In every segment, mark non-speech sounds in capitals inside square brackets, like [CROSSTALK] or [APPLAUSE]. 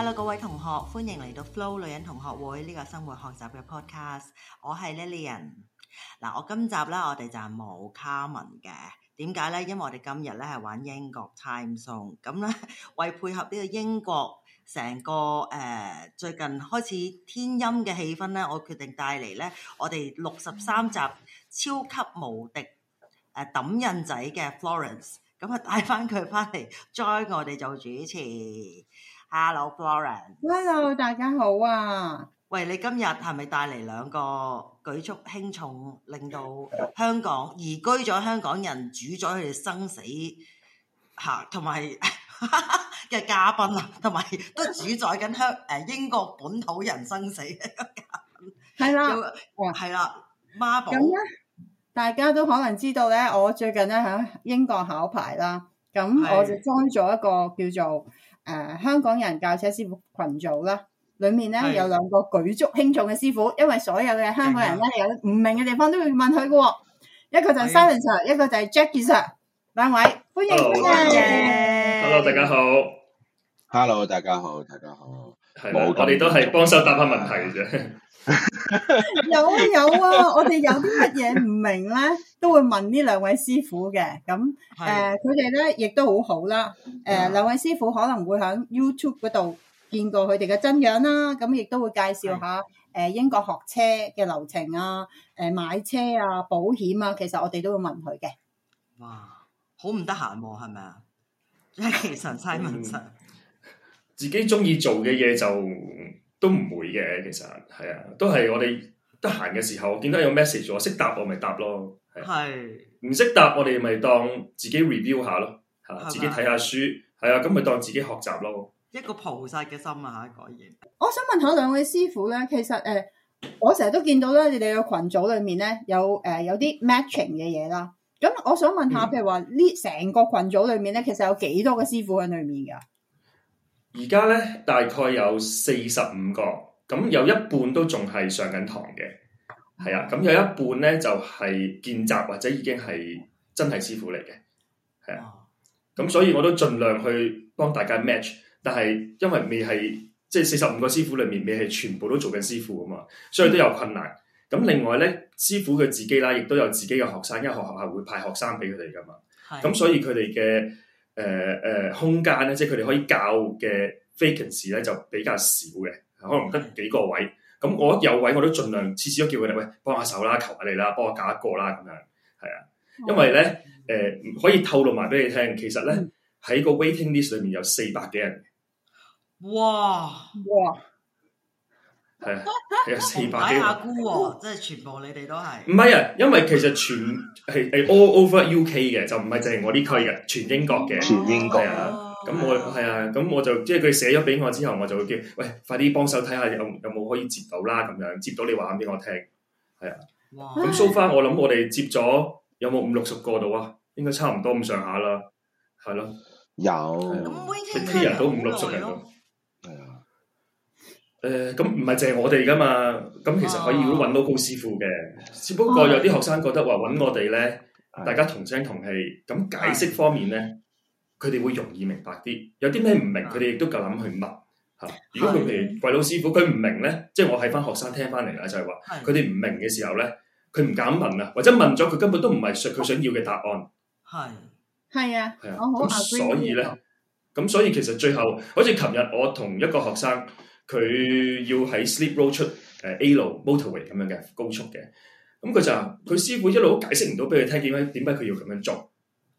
Hello，各位同學，歡迎嚟到 Flo 女人同學會呢、這個生活學習嘅 podcast。我係 Lillian 嗱，我今集咧，我哋就係冇卡文嘅。點解咧？因為我哋今日咧係玩英國 time song 咁咧，為配合呢個英國成個誒、呃、最近開始天陰嘅氣氛咧，我決定帶嚟咧我哋六十三集超級無敵誒抌印仔嘅 Florence，咁啊帶翻佢翻嚟 join 我哋做主持。Hello, Florence。Hello，大家好啊！喂，你今日係咪帶嚟兩個舉足輕重，令到香港移居咗香港人主宰佢哋生死吓，同埋嘅嘉賓啊，同埋 [LAUGHS] 都主宰緊香誒英國本土人生死嘅嘉賓？係啦、 [LAUGHS] 啊，係啦，孖寶、啊。咁咧，大家都可能知道咧，我最近咧喺英國考牌啦，咁我就裝咗一個是叫做。誒、啊，香港人教車師傅群組啦，裏面咧、啊、有兩個舉足輕重嘅師傅，因為所有嘅香港人咧、啊、有唔明嘅地方都會問佢嘅、哦，一個就 Simon Sir，、啊、一個就 Jacky Sir，兩位歡迎歡迎。Hello，大家好。Hello 大家好, Hello，大家好，大家好。係吧，我哋都係幫手答下問題嘅。啫。 [LAUGHS] 有啊有啊，我哋有啲乜嘢唔明咧，都會問呢兩位師傅嘅。咁誒，佢哋咧亦都好好啦。誒，兩位師傅可能會喺 YouTube 嗰度見過佢哋嘅真樣啦。咁亦都會介紹下誒，英國學車嘅流程啊，誒，買車啊，保險啊，其實我哋都會問佢嘅。哇，好唔得閒喎，係咪啊？即係其實真係問實，自己中意做嘅嘢就。都唔會嘅，其實係啊，都係我哋得閒嘅時候，見到有 message，我識答我咪答咯，係唔識答我哋咪當自己 review 下咯，嚇吧自己睇下書，係啊，咁咪當自己學習咯。一個菩薩嘅心啊，果然。我想問下兩位師傅咧，其實誒、呃，我成日都見到咧，你哋嘅群組裡面咧有誒、呃、有啲 matching 嘅嘢啦。咁我想問下，嗯、譬如話呢成個群組裡面咧，其實有幾多個師傅喺裡面㗎？而家咧大概有四十五個，咁有一半都仲係上緊堂嘅，係啊，咁有一半咧就係、是、見習或者已經係真係師傅嚟嘅，係啊，咁、哦、所以我都盡量去幫大家 match，但係因為未係即係四十五個師傅裏面未係全部都做緊師傅啊嘛，所以都有困難。咁另外咧，師傅佢自己啦，亦都有自己嘅學生，因為學校係會派學生俾佢哋噶嘛，咁的所以佢哋嘅。誒誒、呃呃，空間咧，即係佢哋可以教嘅 vacancy 咧，就比較少嘅，可能得幾個位。咁我有位，我都盡量次次都叫佢哋喂，幫下手啦，求下你啦，幫我搞一個啦，咁樣，係啊。因為咧，誒、哦呃，可以透露埋俾你聽，其實咧喺個 waiting list 裏面有四百幾人。哇哇！哇係啊，係啊，四百幾。打下估喎，即係全部你哋都係。唔係啊，因為其實全係 all over UK 嘅，就唔係淨係我呢區嘅，全英國嘅。全英國。咁我係啊，咁我、啊、我就即係佢寫咗俾我之後，我就會叫喂，快啲幫手睇下有有冇可以接到啦，咁樣接到你話咁俾我聽。係啊。哇。咁 so far 我諗我哋接咗有冇五六十個到啊？應該差唔多咁上下啦。係咯。有。五六十人。week 啊、都五六十人。誒，咁唔係淨係我哋噶嘛？咁、嗯嗯、其實可以都搵到高師傅嘅，啊、只不過有啲學生覺得話揾我哋咧，啊、大家同聲同氣，咁解釋方面咧，佢哋會容易明白啲。有啲咩唔明，佢哋亦都夠膽去問吓。如果佢哋貴老師傅，佢唔明咧，即、就、係、是、我喺翻學生聽翻嚟啦，就係話佢哋唔明嘅時候咧，佢唔敢問啊，或者問咗佢根本都唔係佢想要嘅答案。係係啊，係啊，咁、嗯啊嗯、所以咧，咁所以其實最後好似琴日我同一個學生。佢要喺 slip road 出誒 A road motorway 咁樣嘅高速嘅，咁佢就，佢師傅一路都解釋唔到俾佢聽點解點解佢要咁樣做，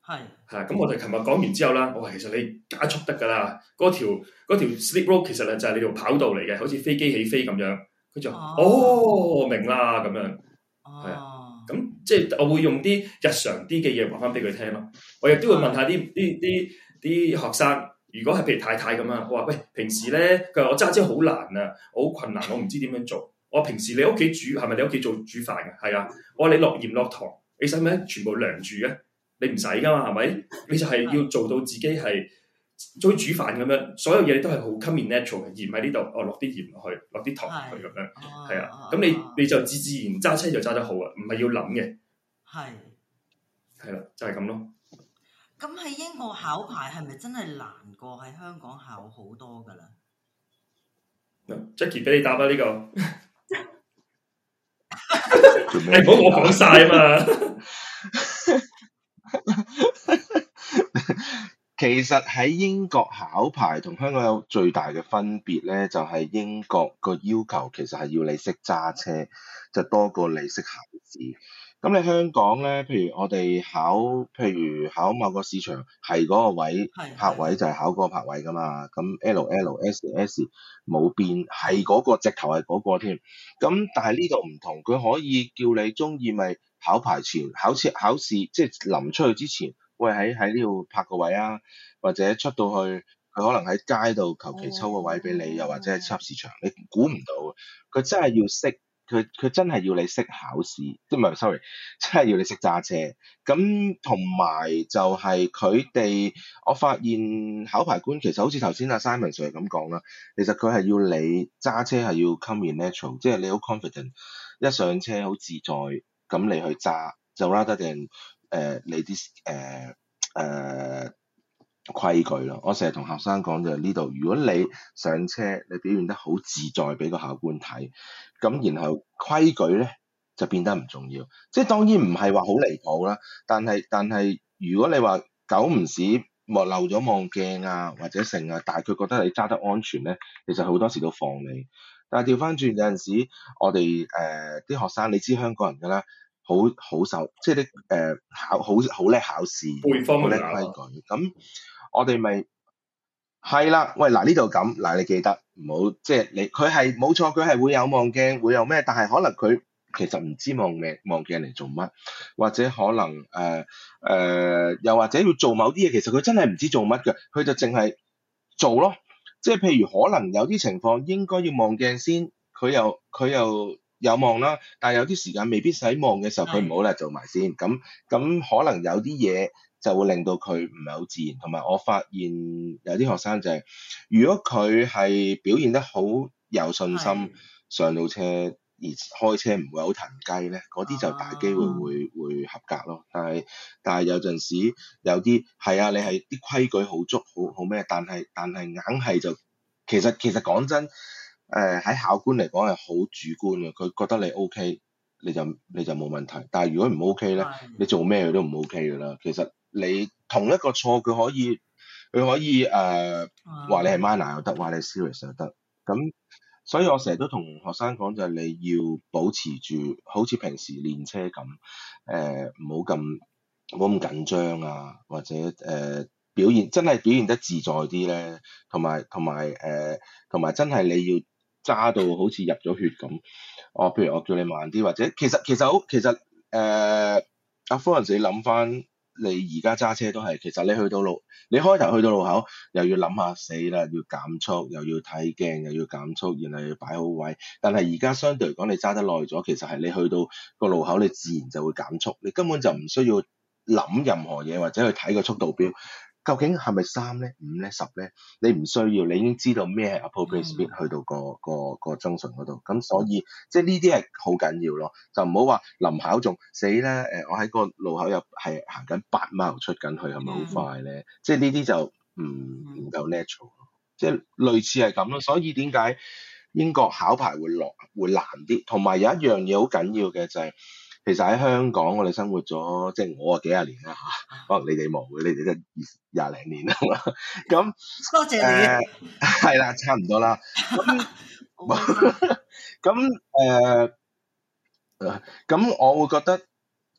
係嚇，咁我哋琴日講完之後啦，我、哦、話其實你加速得㗎啦，嗰條，條 slip road 其實係就係你條跑道嚟嘅，好似飛機起飛咁樣，佢就，啊、哦我明啦咁樣，係啊，咁即係我會用啲日常啲嘅嘢話翻俾佢聽咯，我亦都會問下啲啲啲啲學生。如果係譬如太太咁啊，我話喂，平時咧，佢話我揸車好難啊，我好困難，我唔知點樣做。 [LAUGHS] 我話平時你屋企煮係咪你屋企做煮飯嘅？係啊，我話你落鹽落糖，你使唔使全部量住嘅啊？你唔使噶嘛，係咪？你就係要做到自己係做煮飯咁樣，所有嘢都係好 come in natural 嘅。鹽喺呢度，我落啲鹽落去，落啲糖落去咁樣，係啊。咁你你就自自然揸車就揸得好啊，唔係要諗嘅。係係啦，就係咁咯。咁喺英國考牌係咪真係難過喺香港考好多噶啦、yeah？Jacky 俾你答啦。啊、呢、呢個，唔好、 [LAUGHS] 欸、我講晒啊嘛。 [LAUGHS] [LAUGHS] 其實喺英國考牌同香港有最大嘅分別咧，就係、是、英國個要求其實係要你識揸車，就多過你識考試。咁你香港咧，譬如我哋考，譬如考某個市場，係嗰個位的拍位就係考嗰個拍位噶嘛。咁 L L S S 冇變，係嗰、嗰個直頭係嗰個添。咁但係呢度唔同，佢可以叫你中意咪考牌前，考試考試即係臨出去之前，喂喺喺呢度拍個位啊，或者出到去佢可能喺街度求其抽個位俾你，又、哦、或者係插市場，你估唔到佢真係要識，佢佢真係要你識考試，即唔係，sorry，真係要你識揸車。咁同埋就係佢哋，我發現考牌官其實好似頭先阿 Simon sir 咁講啦。其實佢係要你揸車係要 come in natural，即係你好 confident，一上車好自在，咁你去揸就拉得定。誒，你啲誒誒。規矩咯，我成日同學生講就係呢度。如果你上車，你表現得好自在，俾個考官睇，咁然後規矩呢就變得唔重要。即係當然唔係話好離譜啦，但係但係如果你話久唔時，莫漏咗望鏡啊，或者成啊，但係佢覺得你揸得安全呢，其實好多時都放你。但係調返轉有陣時，我哋誒啲學生，你知香港人㗎啦，好好受，即係啲誒考好好叻考試，好叻、啊、規矩咁。我哋咪係啦，喂嗱呢度咁，嗱，你記得唔好即係你，佢係冇錯，佢係會有望鏡會有咩，但係可能佢其實唔知望咩望鏡嚟做乜，或者可能誒誒、呃呃、又或者要做某啲嘢，其實佢真係唔知做乜嘅，佢就淨係做咯。即係譬如可能有啲情況應該要望鏡先，佢又佢又有望啦，但係有啲時間未必使望嘅時候，佢唔好咧做埋先。咁咁的可能有啲嘢。就會令到佢唔係好自然，同埋我發現有啲學生就係、是，如果佢係表現得好有信心的上到車而開車唔會好騰雞呢嗰啲就大機會會、啊、會合格咯。但係但係有陣時有啲係啊，你係啲規矩好足好好咩，但係但係硬係就其實其實講真，誒、呃、喺考官嚟講係好主觀嘅，佢覺得你 OK 你就你就冇問題，但係如果唔 OK 呢，你做咩都唔 OK 㗎啦。其實。你同一個錯，佢可以佢可以誒話、uh, 你係 minor 又得，話你係 serious 又得。咁所以我成日都同學生講，就係、是、你要保持住好似平時練車咁唔好咁冇咁緊張啊，或者誒、呃、表現真係表現得自在啲咧。同埋同埋誒同埋真係你要揸到好似入咗血咁。我、哦、譬如我叫你慢啲，或者其實其實好其實誒阿富老師，uh, Florence, 你諗返。你而家揸車都係，其實你去到路，你開頭去到路口又要諗下死啦，要減速，又要睇鏡，又要減速，然後要擺好位。但係而家相對嚟講，你揸得耐咗，其實係你去到個路口，你自然就會減速，你根本就唔需要諗任何嘢，或者去睇個速度表。究竟係咪三咧、五咧、十咧？你唔需要，你已經知道咩係 appropriate speed 去到個、嗯、去到個個增順嗰度，咁所以即係呢啲係好緊要咯。就唔好話臨考仲死咧。誒，我喺個路口又係行緊八碼，出緊去係咪好快咧？即係呢啲就唔唔夠 natural，即係、嗯、類似係咁咯。所以點解英國考牌會落會難啲？同埋有，有一樣嘢好緊要嘅就係、是。其實喺香港，我哋生活咗，即係我幾啊幾廿年啦吓，可能你哋冇，你哋即係二廿零年啦。咁、嗯、多謝你，係啦，差唔多啦。咁咁誒，咁、嗯、我會覺得，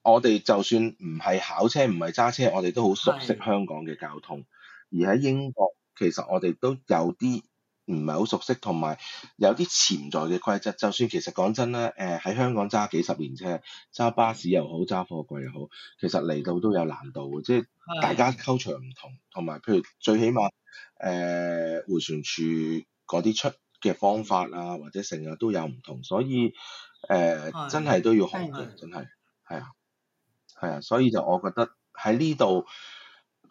我哋就算唔係考車，唔係揸車，我哋都好熟悉香港嘅交通。而喺英國，其實我哋都有啲。唔係好熟悉，同埋有啲潛在嘅規則，就算其實講真啦，誒、呃、喺香港揸幾十年車，揸巴士又好，揸貨櫃又好，其實嚟到都有難度，即係大家溝場唔同，同埋譬如最起碼誒、呃、回旋處嗰啲出嘅方法啊，或者成日都有唔同，所以誒、呃、的真係都要學嘅，的真係係啊，係啊，所以就我覺得喺呢度。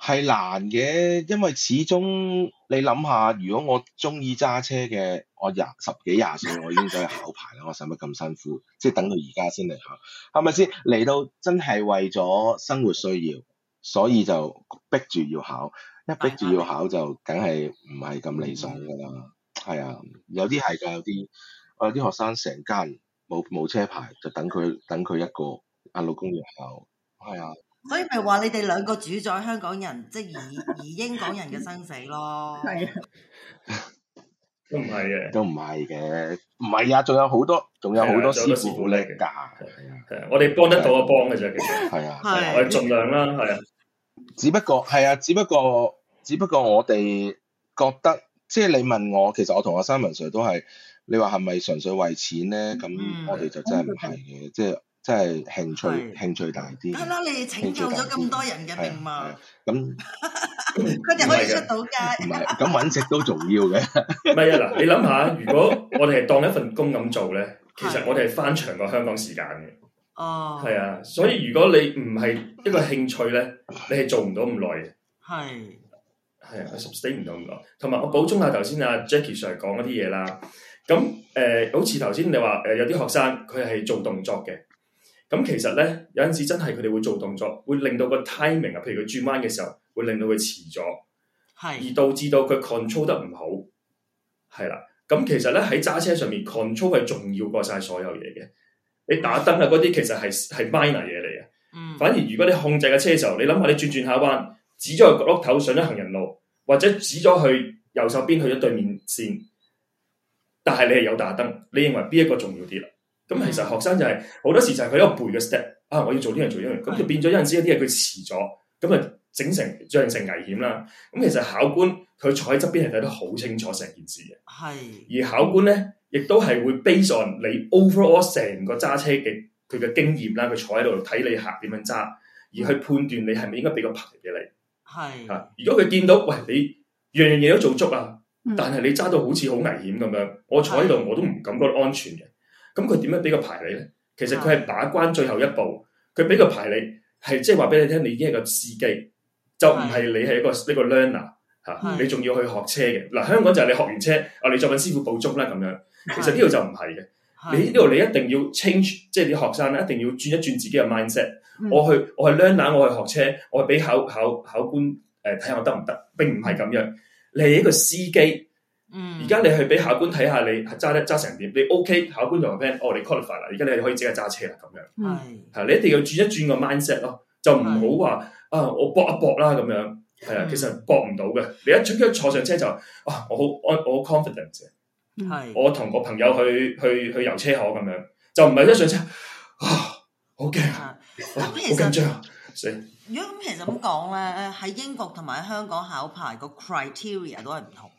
係難嘅，因為始終你諗下，如果我中意揸車嘅，我廿十幾廿歲我已經走去考牌啦， [LAUGHS] 我使乜咁辛苦？即係等到而家先嚟考，係咪先？嚟到真係為咗生活需要，所以就逼住要考，一逼住要考就梗係唔係咁理想噶啦。係啊， [LAUGHS] 有啲係噶，有啲我有啲學生成家人冇冇車牌就等佢等佢一個阿老公要考，係啊。所以咪話你哋兩個主宰香港人，即係而而英國人嘅生死咯。係啊， [LAUGHS] 都唔係嘅，都唔係嘅，唔係啊！仲有好多，仲有好多師傅叻㗎。係啊，我哋幫得到就幫嘅啫。其實係啊，我哋盡量啦。係啊是的， [LAUGHS] 只不過係啊，只不過只不過我哋覺得，即係你問我，其實我同阿 Simon Sir 都係，你話係咪純粹為錢咧？咁我哋就真係唔係嘅，嗯嗯、即係。即係興趣興趣大啲，係啦！你拯救咗咁多人嘅命嘛？咁佢哋可以出到噶，咁揾食都重要嘅。唔係啊嗱，你諗下，如果我哋係當一份工咁做咧，其實我哋係翻長過香港時間嘅。哦，係啊，所以如果你唔係一個興趣咧，你係做唔到咁耐嘅。係係啊，我 stay 唔到咁耐。同埋我補充下頭先阿 Jacky Sir 講嗰啲嘢啦。咁誒，好似頭先你話誒，有啲學生佢係做動作嘅。咁其實呢，有陣時真係佢哋會做動作，會令到個 timing 啊，譬如佢轉彎嘅時候，會令到佢遲咗，係，而導致到佢 control 得唔好，係啦。咁其實呢，喺揸車上面，control 係重要過晒所有嘢嘅。你打燈啊，嗰啲其實係係 minor 嘢嚟嘅。嗯。反而如果你控制架車嘅時候，你諗下你轉一轉下彎，指咗去角落頭，上咗行人路，或者指咗去右手邊去咗對面線，但係你係有打燈，你認為邊一個重要啲啦？咁、嗯、其實學生就係、是、好多時就係佢一度背嘅 step 啊，我要做呢是的 樣做呢樣，咁就變咗有陣時有啲嘢佢遲咗，咁啊整成造成危險啦。咁其實考官佢坐喺側邊係睇得好清楚成件事嘅，係。是的 而考官咧亦都係會 base on 你 overall 成個揸車嘅佢嘅經驗啦，佢坐喺度睇你客點樣揸，而去判斷你係咪應該俾個牌俾你，係。嚇，如果佢見到，喂你樣樣嘢都做足啊，嗯、但係你揸到好似好危險咁樣，我坐喺度我都唔感覺安全嘅。咁佢點樣俾個牌你咧？其實佢係把關最後一步，佢俾個牌是是你係即係話俾你聽，你已經係個司機，就唔係你係一個的一個 learner 吓的、啊，你仲要去學車嘅嗱。的香港就係你學完車，你再搵師傅補鐘啦咁樣。其實呢度就唔係嘅，的你呢度你一定要 change，即係啲學生咧一定要轉一轉自己嘅 mindset 的。我去，我去 learner，我去學車，我去俾考考考官誒睇下我得唔得，並唔係咁樣，你係一個司機。而家你去俾考官睇下你揸得揸成點，你 OK，考官就話 plan，哦，你 qualify 啦，而家你可以即刻揸車啦咁樣。係是，吓你一定要轉一轉個 mindset 咯，就唔好話啊，我搏一搏啦咁樣，係啊，其實搏唔到嘅。你一出一坐上車就啊，我好我我 confident，係，我同個是朋友去去去游車河咁樣，就唔係一上車是啊，好驚，好緊張。如果咁其實咁講咧，喺英國同埋喺香港考牌個 criteria 都係唔同。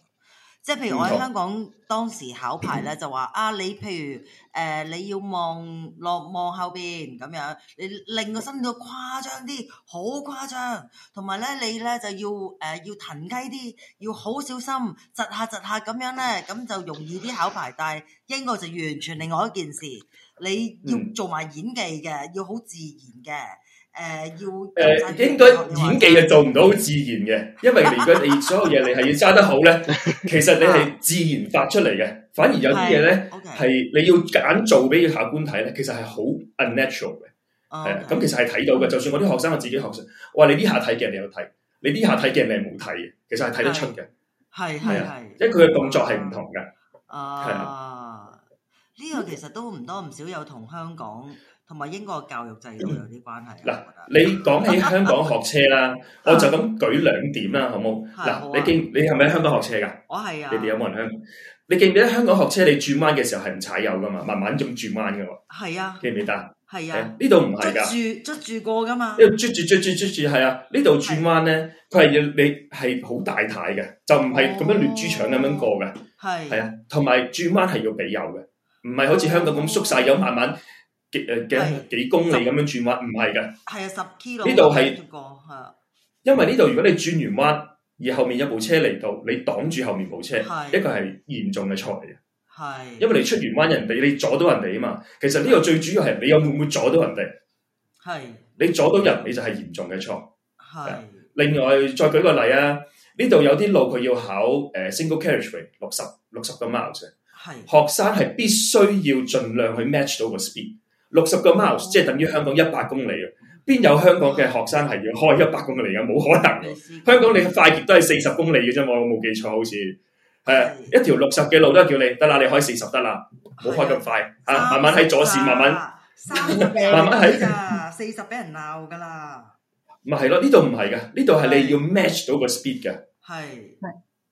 即係譬如我喺香港、嗯、好當時考牌咧，就話啊，你譬如誒、呃，你要望落望後邊咁樣，你令個身度誇張啲，好誇張，同埋咧你咧就要誒、呃、要騰雞啲，要好小心，窒下窒下咁樣咧，咁就容易啲考牌。但係英國就完全另外一件事，你要做埋演技嘅，要好自然嘅。嗯誒，要誒，應該演技係做唔到好自然嘅，因為如果你所有嘢你係要揸得好咧，其實你係自然發出嚟嘅，反而有啲嘢咧係你要揀做俾個客觀睇咧，其實係好 unnatural 嘅，係咁其實係睇到嘅。就算我啲學生我自己學生，話你呢下睇鏡，你有睇。你呢下睇鏡你係冇睇嘅，其實係睇得出嘅，係係啊，即係佢嘅動作係唔同嘅，啊，呢個其實都唔多唔少有同香港。同埋英國教育制度有啲關係、啊。嗱， [LAUGHS] 你講起、啊、香港學車啦，我就咁舉兩點啦，好冇？嗱，你記你係咪喺香港學車噶？我係啊。你哋有冇人香港？你記唔記得香港學車？你轉彎嘅時候係唔踩油噶嘛？慢慢咁轉彎噶喎。係啊。記唔記得？係啊。呢度唔係噶。捉住捉住過噶嘛。因為捉住捉住捉住係啊。呢度、啊啊、轉彎咧，佢係要你係好大軚嘅，就唔係咁樣亂豬腸咁樣過嘅。係。係啊。同埋轉彎係要俾油嘅，唔係好似香港咁縮晒油慢慢，幾誒幾幾公里咁樣轉彎，唔係嘅，係啊，十 kilometer 呢度係，因為呢度如果你轉完彎，而後面有部車嚟到，你擋住後面部車，一個係嚴重嘅錯嚟嘅，係，因為你出完彎人哋你阻到人哋啊嘛，其實呢個最主要係你有會唔會阻到人哋，係，你阻到人你就係嚴重嘅錯，係，另外再舉個例啊，呢度有啲路佢要考誒 single carriageway 六十六十個 mile 嘅，係，學生係必須要盡量去 match 到個 speed。六十個 mile 即係等於香港一百公里啊！邊有香港嘅學生係要開一百公里啊？冇可能香港你快捷都係四十公里嘅啫，我冇記錯好似係、啊啊、一條六十嘅路都係叫你得啦，你開四十得啦，冇、啊、開咁快嚇了、啊，慢慢喺左線，慢慢了 [LAUGHS] 慢慢喺四十俾人鬧㗎啦。咪係咯？呢度唔係嘅，呢度係你要 match 到個 speed 嘅。係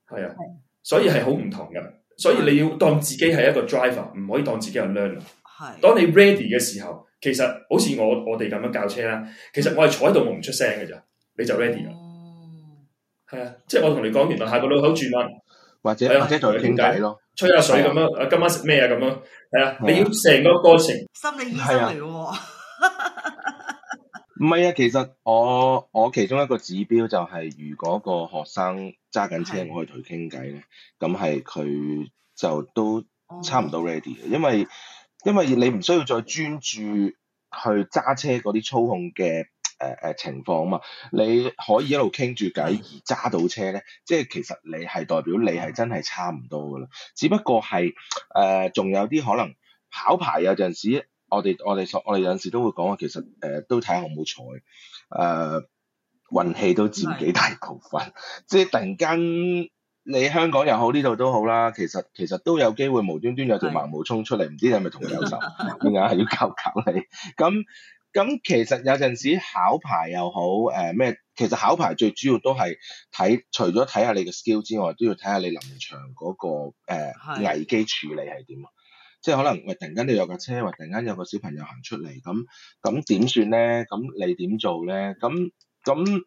係啊，啊，所以係好唔同嘅。所以你要當自己係一個 driver，唔可以當自己係 learner。係，當你 ready 嘅時候，其實好似我我哋咁樣教車啦，其實我係坐喺度，我唔出聲嘅咋，你就 ready 啦。哦，係啊，即係我同你講，原來下個路口轉彎，或者、啊、或者同佢傾偈咯，吹下天水咁樣，是啊、今晚食咩啊咁樣，係啊，是啊你要成個過程心理醫生嚟嘅。唔係啊，其實我我其中一個指標就係，如果個學生揸緊車，我可以同佢傾偈咧，咁係佢就都差唔多 ready 嘅，因為。 [LAUGHS] 因為你唔需要再專注去揸車嗰啲操控嘅誒誒情況啊嘛，你可以一路傾住偈而揸到車咧，即係其實你係代表你係真係差唔多噶啦，只不過係誒仲有啲可能跑牌有陣時，我哋我哋我哋有陣時都會講話，其實誒、呃、都睇下好唔好彩誒運氣都佔幾大部分，的 [LAUGHS] 即係突然間。你香港又好，呢度都好啦。其實其實都有機會無端端有條盲毛衝出嚟，唔的知你係咪同佢有仇？點解係要救救你？咁咁其實有陣時考牌又好，誒、呃、咩？其實考牌最主要都係睇，除咗睇下你嘅 skill 之外，都要睇下你臨場嗰、那個、呃、危機處理係點啊！的即係可能喂，突然間你有架車，或突然間有個小朋友行出嚟，咁咁點算咧？咁你點做咧？咁咁。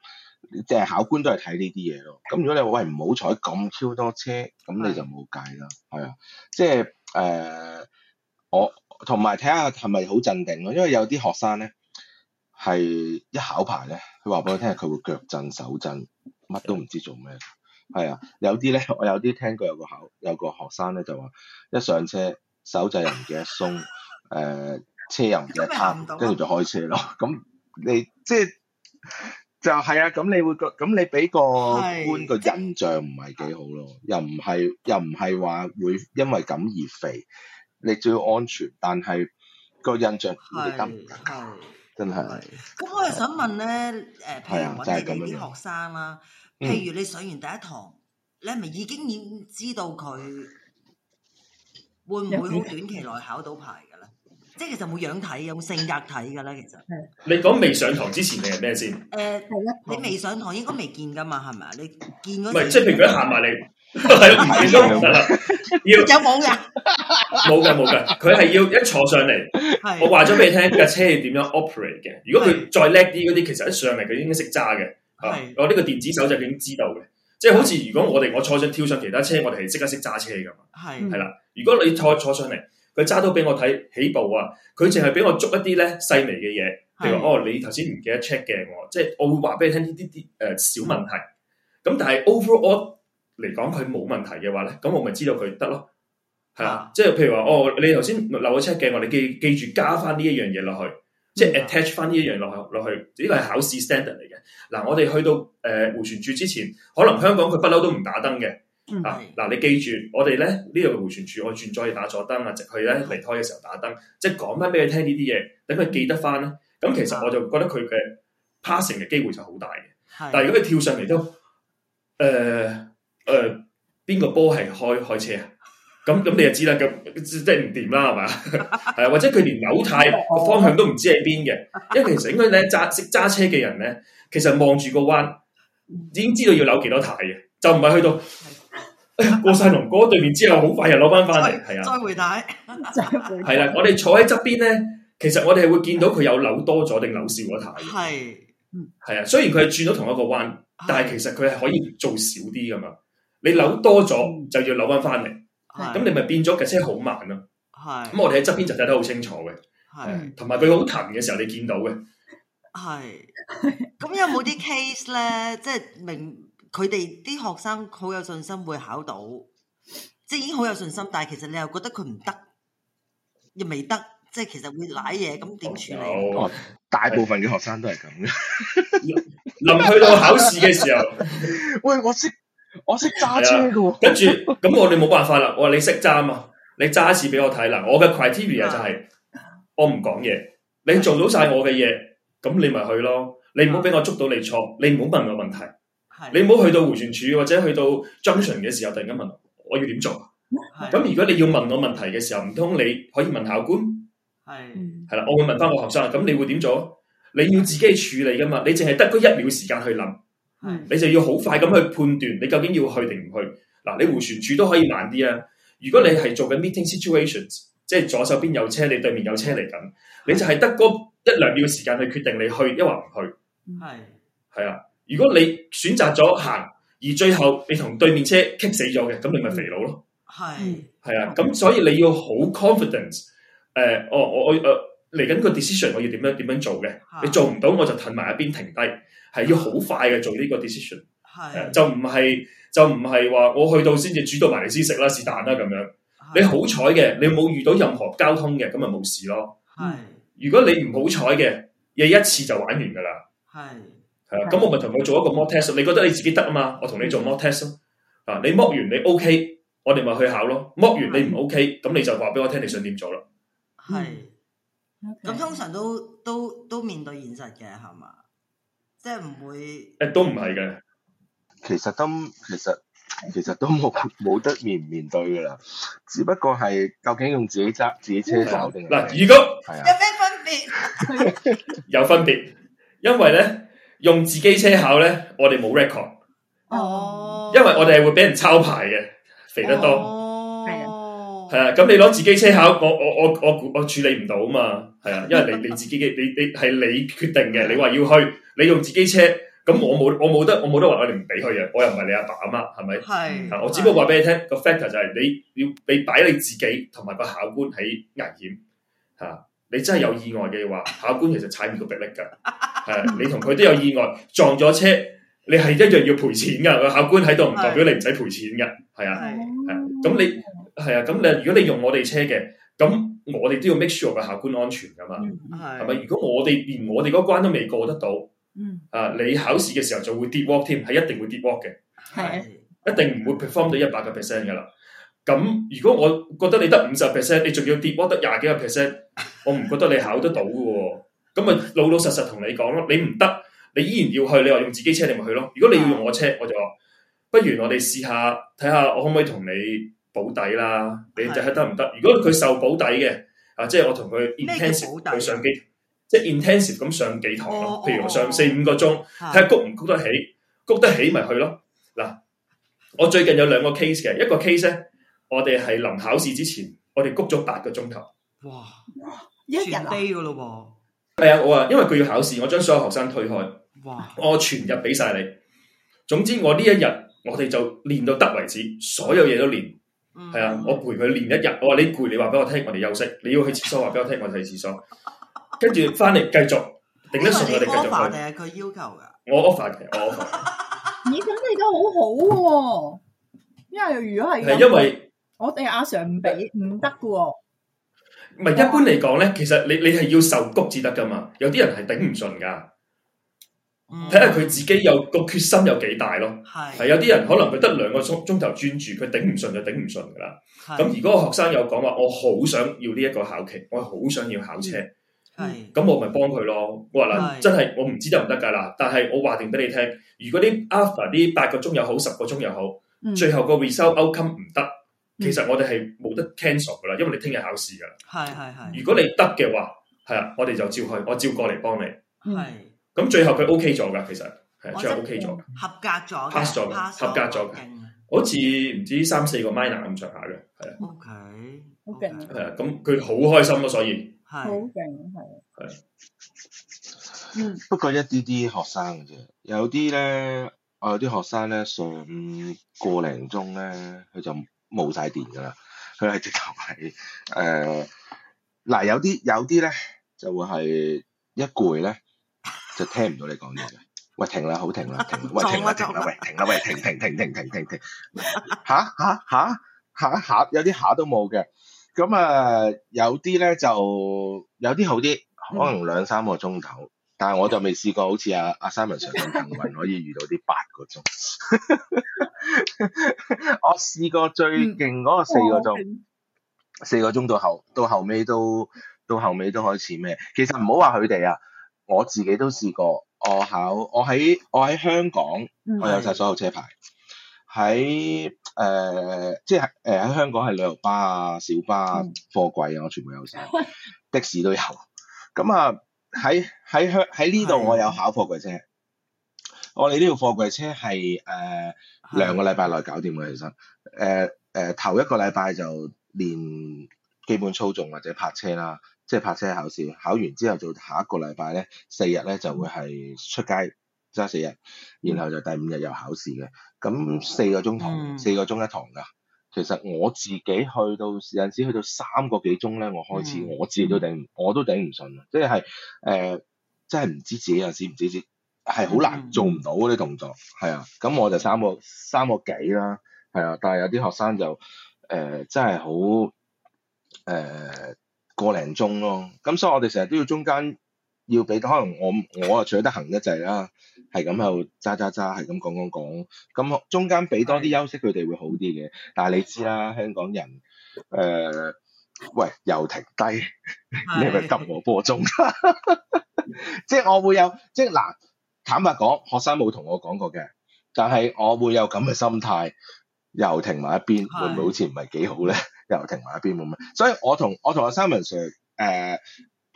即係考官都係睇呢啲嘢咯，咁如果你話，喂，唔好彩咁超多車，咁你就冇計啦，係啊、嗯，即係誒，我同埋睇下係咪好鎮定咯，因為有啲學生咧係一考牌咧，佢話俾我聽佢會腳震手震，乜都唔知做咩，係啊，有啲咧我有啲聽過有個考有個學生咧就話一上車手制又唔記得鬆，誒、 [LAUGHS] 嗯、車又唔記得剎，跟住就開車咯，咁、嗯嗯 [LAUGHS] 嗯、你即係。就係啊，咁你會覺，咁你俾個觀個印象唔係幾好咯、就是，又唔係又唔係話會因為咁而肥，你最安全，但係個印象唔啱，是真係。咁我又想問咧，啊，譬如揾啲學生啦、啊，譬如你上完第一堂，嗯、你係咪已經已知道佢會唔會好短期內考到牌？即係其實冇樣睇，有冇性格睇嘅啦。其實有有，是你講未上堂之前，呃、你係咩先？誒，你未上堂應該未見噶嘛？係咪啊？你見嗰唔係，即係譬如佢行埋嚟，係唔 [LAUGHS] [LAUGHS] 見都唔得啦。 [LAUGHS] 要有冇嘅？冇嘅， [LAUGHS] 冇嘅。佢係要一坐上嚟，是我話咗俾你聽架車係點樣 operate 嘅。如果佢再叻啲嗰啲，是其實一上嚟佢應該識揸嘅。係我呢個電子手就已經知道嘅。即係好似如果我哋我坐上跳上其他車，我哋係即刻識揸車噶嘛。係係啦，如果你坐坐上嚟。佢揸到俾我睇起步啊，佢淨係俾我捉一啲咧細微嘅嘢，譬如話哦，你頭先唔記得 check 鏡喎，即係我會話俾你聽呢啲啲誒小問題。咁、嗯、但係 overall 嚟講，佢冇問題嘅話咧，咁我咪知道佢得咯。係啊，即係譬如話哦，你頭先漏咗 check 鏡喎，你記記住加翻呢一樣嘢落去，即係 attach 翻呢一樣落去落去。呢個係考試 standard 嚟嘅。嗱，我哋去到誒回旋處之前，可能香港佢不嬲都唔打燈嘅。嗯、啊嗱，你記住，我哋咧呢度回旋處，我轉咗去打左燈啊，直去咧離開嘅時候打燈，即係講翻俾佢聽呢啲嘢，等佢記得翻咧。咁其實我就覺得佢嘅 passing 嘅機會就好大嘅。但係如果佢跳上嚟都，誒、呃、誒，邊、呃、個波係開開車啊？咁咁你就知啦？咁即係唔掂啦，係嘛？係啊， [LAUGHS] 或者佢連扭軚個方向都唔知喺邊嘅，因為其實應該咧揸識揸車嘅人咧，其實望住個彎已經知道要扭幾多軚嘅，就唔係去到。過晒龍哥對面之後，好快又扭翻翻嚟，係啊。再回帶，係啦。我哋坐喺側邊咧，其實我哋係會見到佢有扭多咗定扭少咗睇嘅，係的，係啊。雖然佢係轉咗同一個彎，的但係其實佢係可以做少啲噶嘛。你扭多咗就要扭翻翻嚟，咁的你咪變咗架車好慢咯。係咁的，我哋喺側邊就睇得好清楚嘅，係的，同埋佢好騰嘅時候，你見到嘅，係。咁有冇啲 case 咧？ [LAUGHS] 即係明。佢哋啲學生好有信心會考到，即係已經好有信心，但係其實你又覺得佢唔得，又未得，即係其實會瀨嘢，咁點處理？哦、大部分嘅學生都係咁嘅，臨 [LAUGHS] 去到考試嘅時候， [LAUGHS] 喂，我識我識揸車嘅，跟住咁我哋冇辦法啦。我話你識揸啊嘛，你揸一次俾我睇啦。我嘅 criteria 就係、是、 [LAUGHS] 我唔講嘢，你做到晒我嘅嘢，咁 [LAUGHS] 你咪去咯。你唔好俾我捉到你錯，你唔好問我問題。是你唔好去到回旋處或者去到 junction 嘅時候，突然間問我要點做？咁是的 如果你要問我問題嘅時候，唔通你可以問考官？係，係啦，我會問翻我學生，咁你會點做？你要自己處理噶嘛？你淨係得嗰一秒時間去諗，是的 你就要好快咁去判斷，你究竟要去定唔去？嗱，你回旋處都可以慢啲啊。如果你係做緊 meeting situations，即係左手邊有車，你對面有車嚟緊，是的 你就係得嗰一兩秒時間去決定你去抑或唔去。係，係啊。如果你選擇咗行，而最後你同對面車卡死咗嘅，咁你咪肥佬咯。係是，係啊。咁所以你要好 confidence、呃。誒，哦，我我誒嚟緊個 decision 我要點樣點樣做嘅？是你做唔到我就褪埋一邊停低，係要好快嘅做呢個 decision。係是、啊，就唔係就唔係話我去到先至煮到埋嚟先食啦，是但啦咁樣。是你好彩嘅，你冇遇到任何交通嘅，咁咪冇事咯。係是。如果你唔好彩嘅，嘢一次就玩完噶啦。係。咁、 [NOISE] 啊、我咪同佢做一個 mock test，你覺得你自己得啊嘛？我同你做 mock test 咯，啊，你剝完你 OK，我哋咪去考咯。剝完你唔 OK，咁你就話俾我聽你想點做啦。係，咁通常都都都面對現實嘅係嘛，即係唔會誒都唔係嘅。其實都其實其實都冇冇得面唔面對噶啦，只不過係究竟用自己揸自己車搞定。嗱， [NOISE] 如果係啊的，有咩分別？ [LAUGHS] 有分別，因為咧。用自己車考呢，我哋冇 record，哦，因為我哋係會俾人抄牌嘅，肥得多，係啊，咁你攞自己車考，我、哦、我、哦、我我我，我處理唔到啊嘛，係啊，因為你你自己嘅，你你係你決定嘅，你話要去，你用自己車，咁我冇我冇得我冇得話我哋唔俾佢啊，我又唔係你阿爸阿媽，係咪？係是，的我只不過話俾你聽，個 factor 就係、是、你要你擺你自己同埋個考官喺危險嚇，你真係有意外嘅話，考官其實踩唔到迫力㗎。係， [LAUGHS] 你同佢都有意外撞咗車，你係一樣要賠錢噶。個考官喺度唔代表你唔使賠錢噶，係啊的，係。咁你係啊，咁你如果你用我哋車嘅，咁我哋都要 make sure 個考官安全噶嘛，係、嗯、咪、嗯嗯？如果我哋連我哋嗰關都未過得到，嗯、啊，你考試嘅時候就會跌 work 添，係一定會跌 work 嘅，係，的一定唔會 perform 到一百個 percent 噶啦。咁、嗯嗯、如果我覺得你得五十 percent，你仲要跌 work 得廿幾個 percent，我唔覺得你考得到喎.。 [LAUGHS] 咁咪老老實實同你講咯，你唔得，你依然要去。你話用自己車，你咪去咯。如果你要用我車，的我就話不如我哋試下睇下，看看我可唔可以同你補底啦？的你睇下得唔得？如果佢受補底嘅，啊，即係我同佢 intensive 去上幾，即係 intensive 咁上幾堂咯。哦哦、譬如上四五個鐘，睇下谷唔谷得起，谷得起咪去咯。嗱，我最近有兩個 case 嘅，一個 case 咧，我哋係臨考試之前，我哋谷咗八個鐘頭。哇，一日飛噶咯。係啊，我話因為佢要考試，我將所有學生推開。哇！我全日俾晒你。總之我呢一日我哋就練到得為止，所有嘢都練。係啊、嗯，我陪佢練一日。我話你攰，你話俾我聽，我哋休息。你要去廁所，話俾我聽，我哋去廁所。跟住翻嚟繼續。頂得順我哋繼續。係佢要求噶、er。我 offer 嘅，我 offer 咦？咁 [LAUGHS] 欸、你而家好好、啊、喎。因為如果係係因為我哋阿 sir 唔俾唔得噶喎。唔係一般嚟講咧，其實你你係要受谷至得噶嘛？有啲人係頂唔順噶，睇下佢自己有個決心有幾大咯。係是有啲人可能佢得兩個鐘鐘頭專注，佢頂唔順就頂唔順噶啦。咁如果個學生有講話，我好想要呢一個考期，我好想要考車。咁是、嗯、我咪幫佢咯。我話啦，是真係我唔知得唔得噶啦。但係我話定俾你聽，如果啲 after 啲八個鐘又好，十個鐘又好，嗯、最後個 result outcome 唔得。其實我哋係冇得 cancel 噶啦，因為你聽日考試噶啦。係係係。如果你得嘅話，係啊，我哋就照開，我照過嚟幫你。係。咁、嗯、最後佢 OK 咗噶，其實係，最後 OK 咗。合格咗。pass 咗。pass 合格咗。好好似唔知三四個 minor 咁上下嘅，係啊。OK, okay.。好勁。係啊，咁佢好開心咯，所以。好勁，係。係。嗯，不過一啲啲學生嘅啫，有啲咧，我有啲學生咧上午過零鐘咧，佢就。冇晒電㗎啦，佢係直頭係誒，嗱有啲有啲咧就會係一攰咧就聽唔到你講嘢嘅，喂停啦，好停啦，停喂停啦停啦，喂停啦喂停停停停停停，吓吓吓吓吓有啲吓都冇嘅，咁啊有啲咧就有啲好啲，可能兩三個鐘頭。但係我就未試過，好似阿阿 Simon Sir 咁幸運，啊、可以遇到啲八個鐘。 [LAUGHS] 我試過最勁嗰個四個鐘，四、嗯、個鐘到後到後尾都到後尾都開始咩？其實唔好話佢哋啊，我自己都試過。我考我喺我喺香港，我有晒所有車牌喺誒、嗯呃，即係誒喺香港係旅遊巴啊、小巴啊、貨櫃啊，我全部有曬、嗯、的士都有咁啊喺。喺香喺呢度，我有考貨櫃車。的我哋呢條貨櫃車係誒、呃、的兩個禮拜內搞掂嘅，其實誒誒頭一個禮拜就練基本操縱或者泊車啦，即、就、係、是、泊車考試。考完之後就下一個禮拜咧，四日咧就會係出街揸、嗯、四日，然後就第五日又考試嘅。咁四個鐘堂，嗯、四個鐘一堂㗎。其實我自己去到有陣時去到三個幾鐘咧，我開始我自己都頂唔、嗯，我都頂唔順啦。即係誒。呃真係唔知自己有事唔知自己，係好難做唔到嗰啲動作，係啊、嗯。咁我就三個三個幾啦，係啊。但係有啲學生就誒、呃、真係好誒個零鐘咯。咁、呃、所以我哋成日都要中間要俾，可能我我啊取得行一陣啦，係咁喺度揸揸揸，係咁講講講。咁中間俾多啲休息佢哋的會好啲嘅。但係你知啦，香港人誒。呃喂，又停低，你係咪撳我波鐘？即 [LAUGHS] 係我會有，即係嗱，坦白講，學生冇同我講過嘅，但係我會有咁嘅心態，又停埋一邊，的會唔會好似唔係幾好咧？又停埋一邊，冇乜。所以我同我同阿 Simon sir，誒，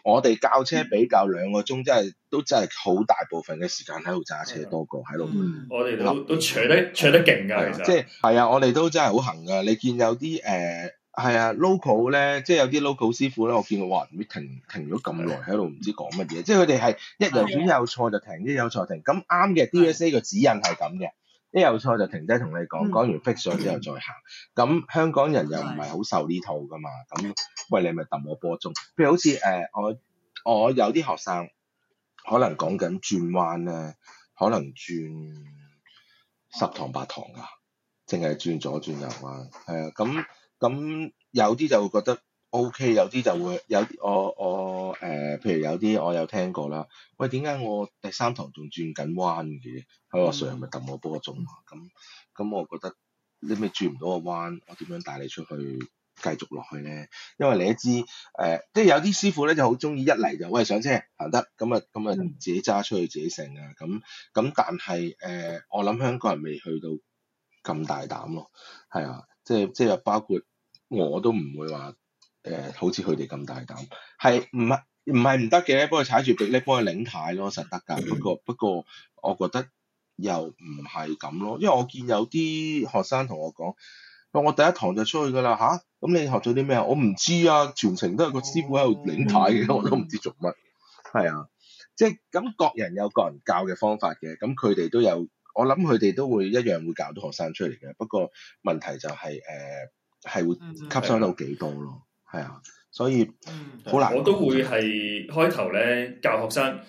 我哋教、呃、車比較兩個鐘，真係都真係好大部分嘅時間喺度揸車多過喺度其實、嗯。我哋都都搶得搶得勁噶，其實即係係啊，我哋都真係好行噶。你見有啲誒。係啊 local 咧，即係有啲 local 師傅咧，我見到哇，唔停停咗咁耐喺度，唔知講乜嘢。即係佢哋係一有片有錯就停，一有錯停。咁啱嘅 DSA 個指引係咁嘅，一有錯就停低同你講講完 fit 上、er、之後再行。咁香港人又唔係好受呢套㗎嘛。咁喂，你咪揼我波鐘。譬如好似誒、呃，我我有啲學生可能講緊轉彎咧，可能轉十堂八堂㗎、啊，淨係轉左轉右啊。係啊，咁。咁、嗯、有啲就會覺得 O、OK, K，有啲就會有啲我我誒、呃，譬如有啲我有聽過啦。喂，點解我第三堂仲轉緊彎嘅？喺我上係咪揼我波中啊？咁咁我覺得你咪轉唔到個彎，我點樣帶你出去繼續落去咧？因為你都知誒，即、呃、係有啲師傅咧就好鍾意一嚟就喂，上車行得，咁啊咁啊自己揸出去自己成啊咁咁。但係誒、呃，我諗香港人未去到咁大膽咯，係啊。即係即係包括我都唔會話誒、呃，好似佢哋咁大膽，係唔係唔係唔得嘅？幫佢踩住鼻咧，幫佢擰軚咯，實得㗎。不過不過，我覺得又唔係咁咯，因為我見有啲學生同我講，我第一堂就出去㗎啦，吓、啊，咁你學咗啲咩？我唔知啊，全程都係個師傅喺度擰軚嘅，我都唔知做乜。係、嗯、啊，即係咁，各人有各人教嘅方法嘅，咁佢哋都有。我諗佢哋都會一樣會教到學生出嚟嘅，不過問題就係誒係會吸收到幾多咯，係啊對，所以好、嗯、難。我都會係開頭咧教學生，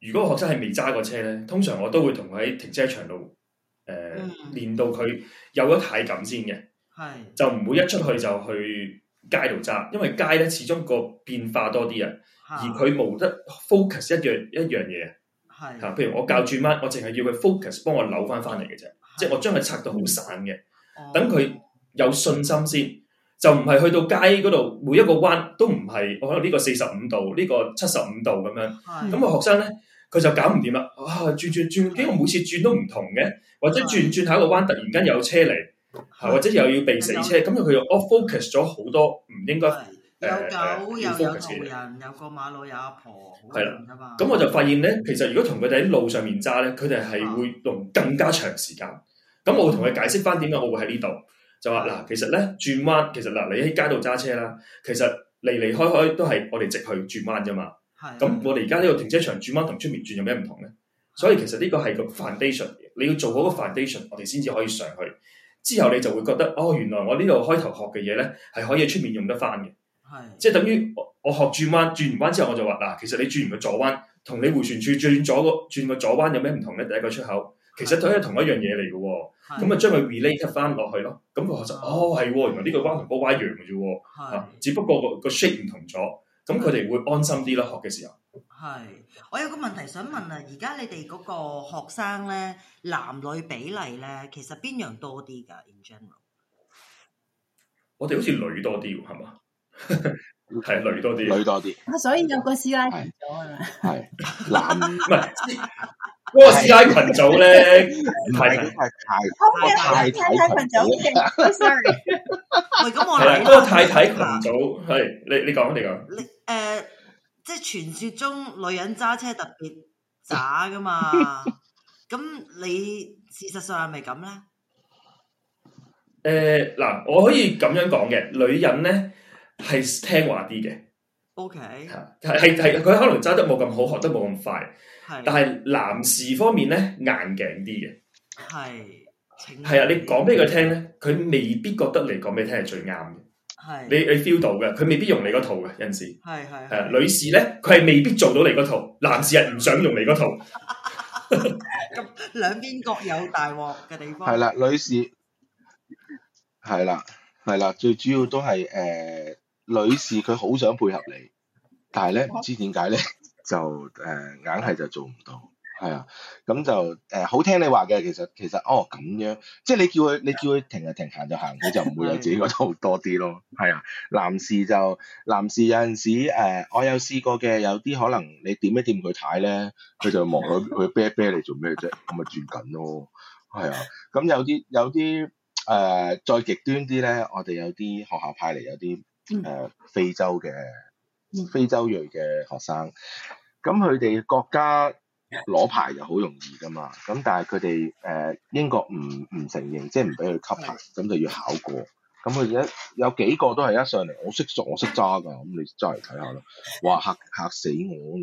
如果學生係未揸過車咧，通常我都會同佢喺停車場度誒練到佢有咗體感先嘅，係、嗯、就唔會一出去就去街度揸，因為街咧始終個變化多啲啊，而佢冇得 focus 一樣一樣嘢。吓，譬如我教轉彎，我淨係要佢 focus，幫我扭翻翻嚟嘅啫，是即係我將佢拆到好散嘅，等佢、哦、有信心先，就唔係去到街嗰度，每一個彎都唔係，我可能呢個四十五度，呢、這個七十五度咁樣，咁是、嗯、個學生咧，佢就搞唔掂啦，啊、哦，轉轉轉，幾乎每次轉都唔同嘅，或者轉轉下一個彎，突然間有車嚟，是是或者又要避死車，咁佢又 off focus 咗好多唔應該。有狗，有兩人，有個馬路，有阿婆，好亂，咁我就發現呢，其實如果同佢哋喺路上面揸呢，佢哋係會用更加長時間。咁、啊、我會同佢解釋翻點解我會喺呢度，就話嗱，其實呢轉彎，其實嗱你喺街度揸車啦，其實嚟嚟開開都係我哋直去轉彎啫嘛。咁的我哋而家呢個停車場轉彎同出面轉有咩唔同呢？所以其實呢個係個 foundation，你要做好個 foundation，我哋先至可以上去。之後你就會覺得哦，原來我呢度開頭學嘅嘢呢，係可以出面用得翻嘅。是即係等於我學轉彎，轉完彎之後我就話嗱，其實你轉完個左彎，同你回旋處轉左個轉個左彎有咩唔同咧？第一個出口，其實都係同一樣嘢嚟嘅，咁啊是將佢 relate 翻落去咯。咁個學生是哦係，原來呢個彎同嗰個彎一樣嘅啫，是只不過個個 shape 唔同咗，咁佢哋會安心啲咯，是學嘅時候。係，我有個問題想問啊，而家你哋嗰個學生咧，男女比例咧，其實邊樣多啲噶？in general，我哋好似女多啲，係嘛？睇女多啲，女多啲。啊，所以有個師奶群組係咪？係男唔係嗰個師奶群組咧，唔係太太太太群組，sorry，唔咁我嚟。嗰個太太群組係你，你講你講。你誒，即係傳說中女人揸車特別渣噶嘛？咁你事實上係咪咁咧？誒，嗱，我可以咁樣講嘅，女人咧。係聽話啲嘅，OK，係係係佢可能揸得冇咁好，學得冇咁快，係。但係男士方面咧，硬頸啲嘅，係，係係啊！你講俾佢聽咧，佢未必覺得你講俾佢聽係最啱嘅，係。你你 feel 到嘅，佢未必用你個套有陣時係係係啊！女士咧，佢係未必做到你個套，男士係唔想用你個套。咁兩邊各有大鑊嘅地方，係啦，女士係啦，係啦，最主要都係誒。女士佢好想配合你，但係咧，唔知點解咧，就誒硬係就做唔到係啊。咁就誒好聽你話嘅，其實其實哦咁樣，即係你叫佢你叫佢停就停，行就行，佢就唔會有自己覺得多啲咯。係啊，男士就男士有陣時誒、呃，我有試過嘅，有啲可能你點一掂佢睇咧，佢就望到佢啤啤你做咩啫？咁咪轉緊咯。係啊，咁有啲有啲誒、呃、再極端啲咧，我哋有啲學校派嚟有啲。誒、呃、非洲嘅非洲裔嘅學生，咁佢哋國家攞牌就好容易噶嘛，咁但係佢哋誒英國唔唔承認，即係唔俾佢級牌，咁就要考過。咁佢一有幾個都係一上嚟，我識熟，我識揸㗎，咁你揸嚟睇下啦，哇嚇嚇死我！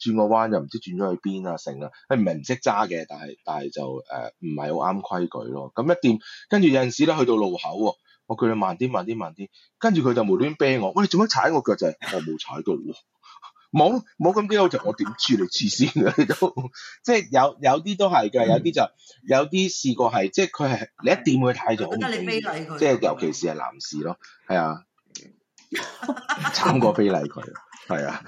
轉個彎又唔知轉咗去邊啊，成啊，佢唔係唔識揸嘅，但係但係就誒唔係好啱規矩咯。咁一掂，跟住有陣時咧去到路口。我叫你慢啲，慢啲，慢啲，跟住佢就無端啤我，喂、哎，你做乜踩我腳仔？我冇踩到，冇冇咁啲，好就我點知你黐線啊？你 [LAUGHS] 都 [LAUGHS] 即係有有啲都係嘅，有啲就，有啲試過係，即係佢係你一掂佢太重，即係尤其是係男士咯，係啊，慘過非禮佢，係 [LAUGHS] 是啊，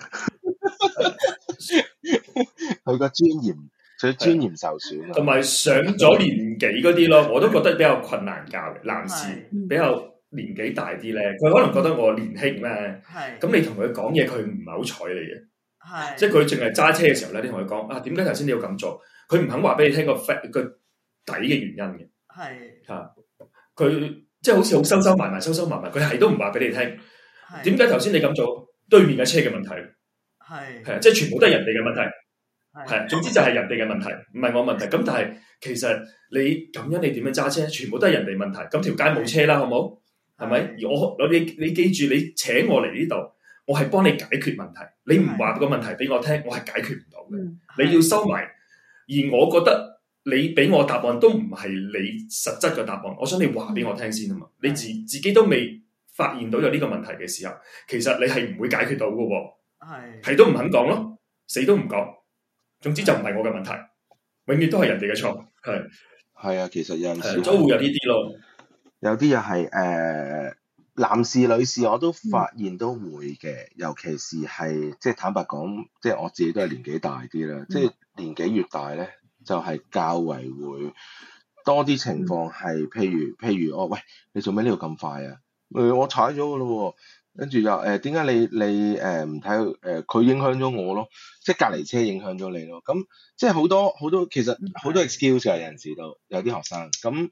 佢 [LAUGHS] 個尊嚴。佢尊嚴受損，同埋上咗年紀嗰啲咯，我都覺得比較困難教嘅男士比較年紀大啲咧，佢可能覺得我年輕咩？係咁，你同佢講嘢，佢唔係好睬你嘅。係即係佢淨係揸車嘅時候咧，你同佢講啊，點解頭先你要咁做？佢唔肯話俾你聽個個底嘅原因嘅。係吓佢即係好似好收收埋埋，收收埋埋，佢係都唔話俾你聽。點解頭先你咁做？對面嘅車嘅問題係，係即係全部都係人哋嘅問題。係，總之就係人哋嘅問題，唔係我問題。咁的但係其實你咁樣，你點樣揸車，全部都係人哋問題。咁條街冇車啦，好冇？係咪的？我你你記住，你請我嚟呢度，我係幫你解決問題。你唔話個問題俾我聽，我係解決唔到嘅。的你要收埋，的而我覺得你俾我答案都唔係你實質嘅答案。我想你話俾我聽先啊嘛。的你自自己都未發現到有呢個問題嘅時候，其實你係唔會解決到嘅。係係都唔肯講咯，死都唔講。總之就唔係我嘅問題，永遠都係人哋嘅錯，係。係啊，其實有陣時。始終、啊、會有呢啲咯。有啲又係誒，男士女士我都發現都會嘅，嗯、尤其是係即係坦白講，即係我自己都係年紀大啲啦，嗯、即係年紀越大咧，就係、是、較為會多啲情況係、嗯，譬如譬如哦喂你做咩呢度咁快啊？誒、哎，我踩咗嘅咯喎。跟住就誒，點解你你誒唔睇誒佢影響咗我咯？即係隔離車影響咗你咯？咁即係好多好多，其實好多 excuse 係人士都有啲學生，咁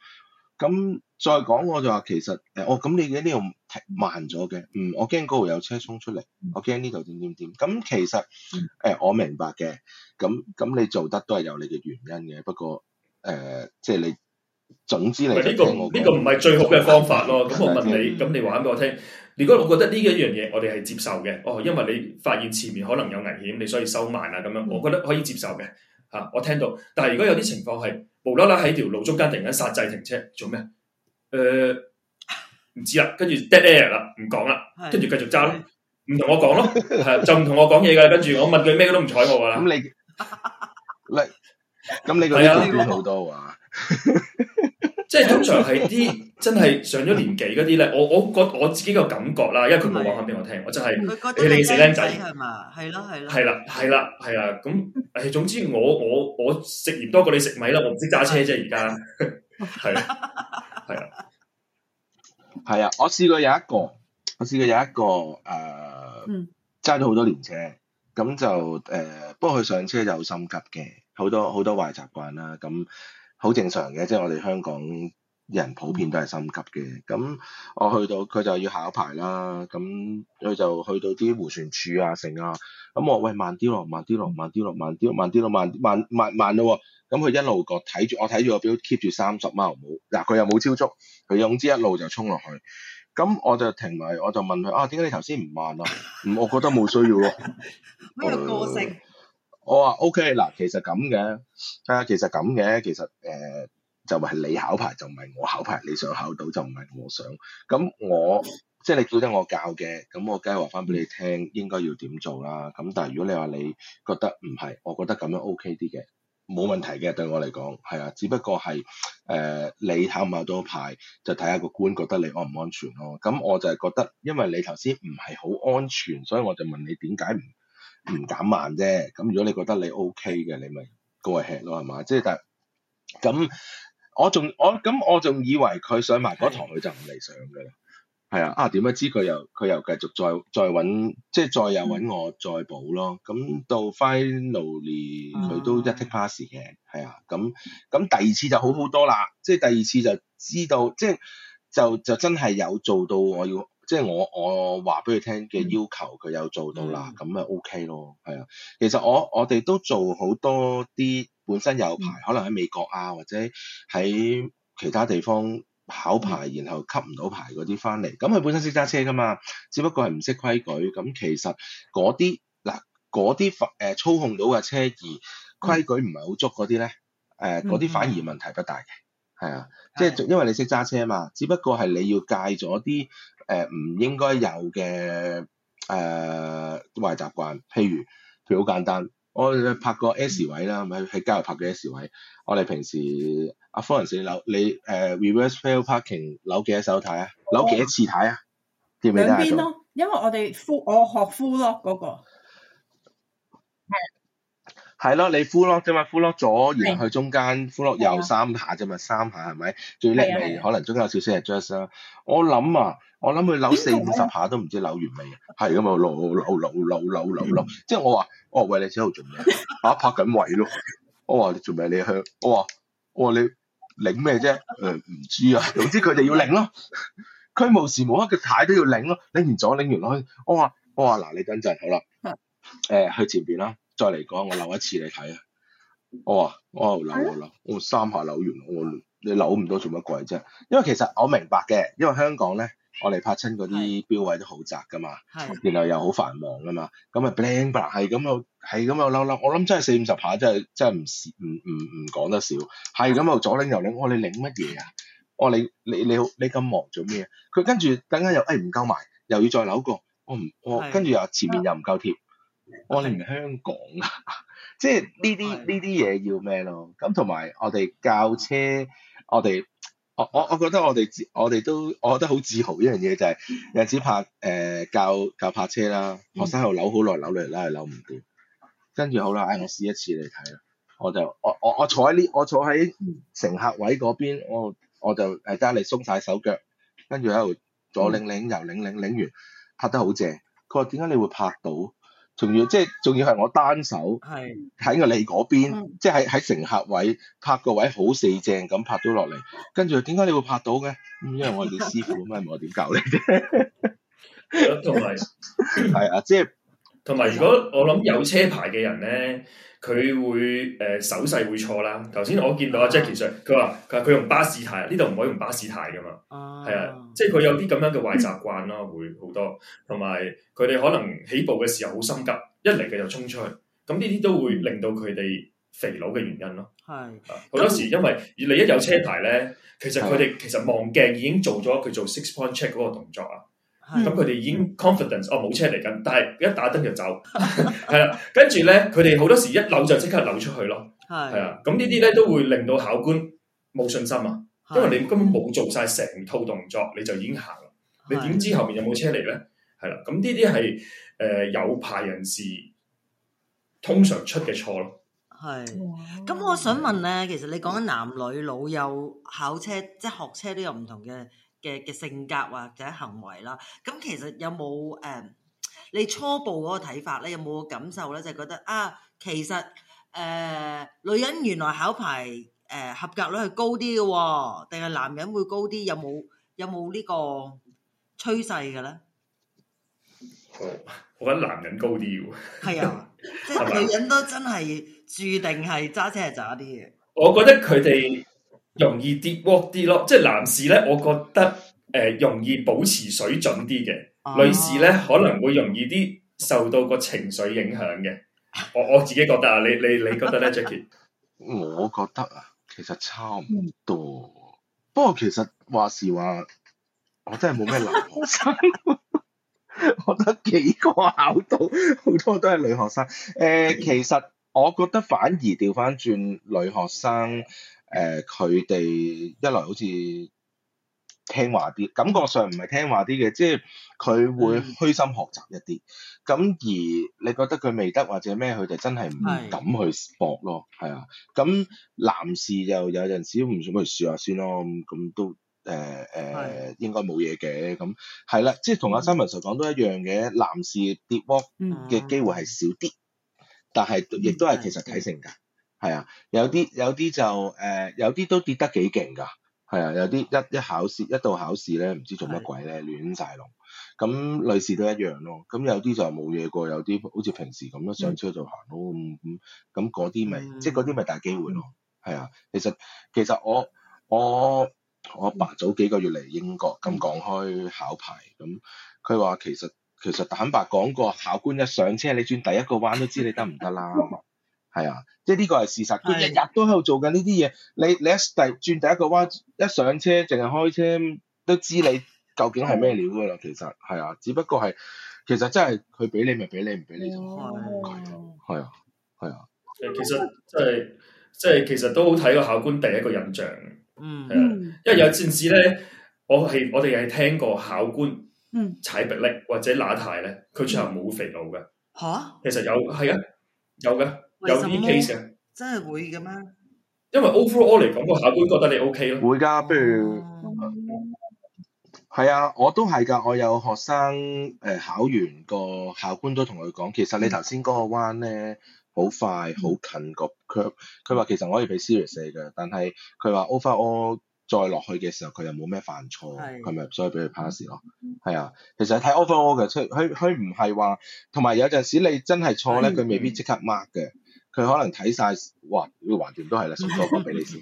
咁再講，我就話其實誒我咁，你喺呢度慢咗嘅，嗯，我驚嗰度有車衝出嚟，我驚呢度點點點。咁其實誒我明白嘅，咁咁你做得都係有你嘅原因嘅，不過誒即係你總之你。唔呢個唔呢個唔係最好嘅方法咯。咁我問你，咁你話俾我聽。如果我覺得呢一樣嘢，我哋係接受嘅。哦，因為你發現前面可能有危險，你所以收慢啦咁樣。我覺得可以接受嘅。嚇、啊，我聽到。但係如果有啲情況係無啦啦喺條路中間突然間煞掣停車，做咩？誒、呃，唔知啦。跟住 dead air 啦，唔講啦。跟住繼續揸，唔同我講咯。咯的的就唔同我講嘢㗎。跟住的我問佢咩都唔睬我㗎啦。咁你，咁你係啊？少好多啊！即係通常係啲真係上咗年紀嗰啲咧，我我覺我自己個感覺啦，因為佢冇講翻俾我聽，我就係你哋嘅死靚仔係嘛，係咯係啦，係啦係啦係啊！咁唉，總之我我我食鹽多過你食米啦，我唔識揸車啫而家，係啦係啦，係啊！我試過有一個，我試過有一個誒揸咗好多年車，咁就誒，不過佢上車就好心急嘅，好多好多壞習慣啦咁。好正常嘅，即、就、係、是、我哋香港人普遍都係心急嘅。咁、嗯、我去到佢就要考牌啦。咁、嗯、佢就去到啲迴旋處啊，成啊。咁、嗯、我、嗯、喂慢啲咯，慢啲咯，慢啲咯，慢啲，慢啲咯，慢慢慢慢咯、哦。咁、嗯、佢一路個睇住，我睇住個表 keep 住三十咪，冇嗱，佢、嗯、又冇超速，佢總之一路就衝落去。咁、嗯、我就停埋，我就問佢啊，點解你頭先唔慢啊？ [LAUGHS] 我覺得冇需要咯。咩、嗯、個 [LAUGHS] 個性？我話 O K 嗱，其實咁嘅，啊，其實咁嘅，其實誒，就話係你考牌就唔係我考牌，你想考到就唔係我想。咁、嗯、我即係你叫得我教嘅，咁、嗯、我梗係話翻俾你聽，應該要點做啦。咁、嗯、但係如果你話你覺得唔係，我覺得咁樣 O K 啲嘅，冇問題嘅，對我嚟講係啊。只不過係誒、呃，你考唔考到牌就睇下個官覺得你安唔安全咯。咁、嗯、我就係覺得，因為你頭先唔係好安全，所以我就問你點解唔唔減慢啫，咁如果你覺得你 OK 嘅，你咪嗰個吃 i 咯，係嘛？即係但係咁，我仲我咁我仲以為佢上埋嗰堂佢就唔嚟上嘅，係的啊啊，點知佢又佢又繼續再再揾，即係再又揾我再補咯。咁、嗯、到 finally 佢都一 take pass 嘅，係啊，咁咁第二次就好好多啦，即係第二次就知道即係就就，就真係有做到我要。即係我我話俾佢聽嘅要求，佢有做到啦，咁啊、嗯、OK 咯，係啊。其實我我哋都做好多啲本身有牌，嗯、可能喺美國啊或者喺其他地方考牌，嗯、然後吸唔到牌嗰啲翻嚟，咁佢本身識揸車噶嘛，只不過係唔識規矩。咁其實嗰啲嗱啲反誒操控到嘅車而規矩唔係好足嗰啲咧，誒嗰啲反而問題不大嘅。嗯嗯.係啊，即係因為你識揸車嘛，只不過係你要戒咗啲誒唔應該有嘅誒壞習慣，譬如譬如好簡單，我拍個 S 位啦，咪喺、嗯、街度拍嘅 S 位，我哋平時阿方仁士扭你誒、uh, reverse fail parking 扭幾多手軚啊，扭幾、哦、多次軚啊，兩邊咯，因為我哋 full 我學 full 咯嗰、那個。係咯，你呼咯啫嘛，呼咯左完去中間，呼咯右三下啫嘛，三下係咪？最叻咪可能中間有少少係 just 啦。我諗啊，我諗佢扭四五十下都唔知扭完未啊。係噶嘛，扭扭扭扭扭扭扭。即係我話，我話喂你喺度做咩啊？拍緊位咯。我話你做咩？你去，我話我話你擰咩啫？誒唔知啊。總之佢哋要擰咯，佢無時無刻嘅太都要擰咯。擰完咗，擰完開。我話我話嗱，你等陣，好啦，誒去前邊啦。再嚟講，我扭一次你睇啊、oh,！我啊，我扭我扭，我三下扭完，我你扭唔到做乜鬼啫？因為其實我明白嘅，因為香港咧，我哋拍親嗰啲錶位都好窄噶嘛，然後又好繁忙噶嘛，咁啊，bling bling，係咁又係咁又扭扭，我諗真係四五十下，真係真係唔少，唔唔唔講得少。係咁又左擰右擰，我、哦、你擰乜嘢啊？我、哦、你你你你咁忙做咩啊？佢跟住，等間又誒唔夠埋，又要再扭過，我唔我跟住又前面又唔夠貼。哦哦的我哋唔係香港啊， [LAUGHS] 即係呢啲呢啲嘢要咩咯？咁同埋我哋教車，我哋我我我覺得我哋我哋都我覺得好自豪一樣嘢就係有陣時拍誒、呃、教教拍車啦，學生又扭，扭，來扭，來扭好耐扭嚟扭去扭唔掂。跟住好啦，哎我試一次嚟睇啦，我就我我坐我坐喺呢我坐喺乘客位嗰邊，我我就誒得你鬆晒手腳，跟住喺度左擰擰右擰擰擰完拍得好正，佢話點解你會拍到？仲要即係，仲要係我單手喺個你嗰邊，的即係喺喺乘客位拍個位好四正咁拍到落嚟。跟住點解你會拍到嘅？因為我係你師傅啊嘛，冇 [LAUGHS] 我點教你啫。咁同係啊，即係。同埋，如果我諗有車牌嘅人咧，佢會誒、呃、手勢會錯啦。頭先我見到阿 Jacky 佢話佢用巴士牌，呢度唔可以用巴士牌噶嘛。啊，係啊，即係佢有啲咁樣嘅壞習慣咯，會好多。同埋佢哋可能起步嘅時候好心急，一嚟佢就衝出去，咁呢啲都會令到佢哋肥佬嘅原因咯。係的，好多時因為你一有車牌咧，其實佢哋、啊、其實望鏡已經做咗佢做 six point check 嗰個動作啊。咁佢哋已經 confidence，哦，冇車嚟緊，但係一打燈就走，係啦。 [LAUGHS] [LAUGHS] 跟住咧，佢哋好多時一扭就即刻扭出去咯。係 [LAUGHS] 的，係啊。咁呢啲咧都會令到考官冇信心啊。的因為你根本冇做晒成套動作，你就已經行啦，的你點知後面有冇車嚟咧？係啦。咁呢啲係誒有牌人士通常出嘅錯咯。係。咁我想問咧，其實你講緊男女老幼考車，即係學車都有唔同嘅。嘅嘅性格或者行為啦，咁其實有冇誒？你初步嗰個睇法咧，有冇個感受咧？就係覺得啊，其實誒，女人原來考牌誒合格率係高啲嘅喎，定係男人會高啲？有冇有冇呢個趨勢嘅咧？我我覺得男人高啲喎，係啊，即係女人都真係註定係揸車渣啲嘅。我覺得佢哋，容易跌鑊啲咯，即係男士咧，我覺得誒、呃、容易保持水準啲嘅，女士咧可能會容易啲受到個情緒影響嘅。啊、我我自己覺得啊，你你你覺得咧 Jackie？ [LAUGHS] 我覺得啊，其實差唔多。不過其實話時話，我真係冇咩男學生， [LAUGHS] 我得幾個考到，好多都係女學生。誒、呃，其實我覺得反而調翻轉女學生。誒佢哋一來好似聽話啲，感覺上唔係聽話啲嘅，即係佢會虛心學習一啲。咁而你覺得佢未得或者咩，佢就真係唔敢去搏咯，係啊。咁男士就有陣時唔想去試下先咯，咁都誒誒應該冇嘢嘅。咁係啦，即係同阿三文 sir 講都一樣嘅，男士跌波嘅機會係少啲，但係亦都係其實睇性格㗎。係啊，有啲有啲就誒，有啲、呃、都跌得幾勁㗎。係啊，有啲一一考試一到考試咧，唔知做乜鬼咧，亂晒龍。咁類似都一樣咯。咁有啲就冇嘢過，有啲好似平時咁樣上車就行咯。咁咁嗰啲咪即係嗰啲咪大機會咯。係啊，其實其實我我我阿爸，爸早幾個月嚟英國咁講，開考牌咁，佢話其實其實坦白講，個考官一上車你轉第一個彎都知你得唔得啦。 [LAUGHS] 係啊，即係呢個係事實，佢日日都喺度做緊呢啲嘢。你你一第轉第一個彎，一上車淨係開車，都知你究竟係咩料噶啦。其實係啊，只不過係其實真係佢俾你咪俾你，唔俾你，係啊係啊。啊其實即係即係，即係、其實都好睇個考官第一個印象。嗯、啊，因為有陣時咧，我係我哋係聽過考官踩迫力或者拿太咧，佢最後冇肥佬嘅。吓，其實有係啊，有嘅。有啲 c a 真係會嘅咩？因為 overall 嚟講個考官覺得你 OK 咯，會噶，不如係、嗯、啊，我都係噶，我有學生誒、呃、考完個考官都同佢講，其實你頭先嗰個彎咧好快好近個 ve，佢佢話其實可以俾 s i r i o 嘅，但係佢話 overall 再落去嘅時候佢又冇咩犯錯，佢咪的所以俾佢 pass 咯，係、嗯、啊，其實睇 overall 嘅，佢佢佢唔係話，同埋有陣時你真係錯咧，佢未必即刻，刻 mark 嘅。佢可能睇晒，哇！呢個環節都係啦，送個波俾你先，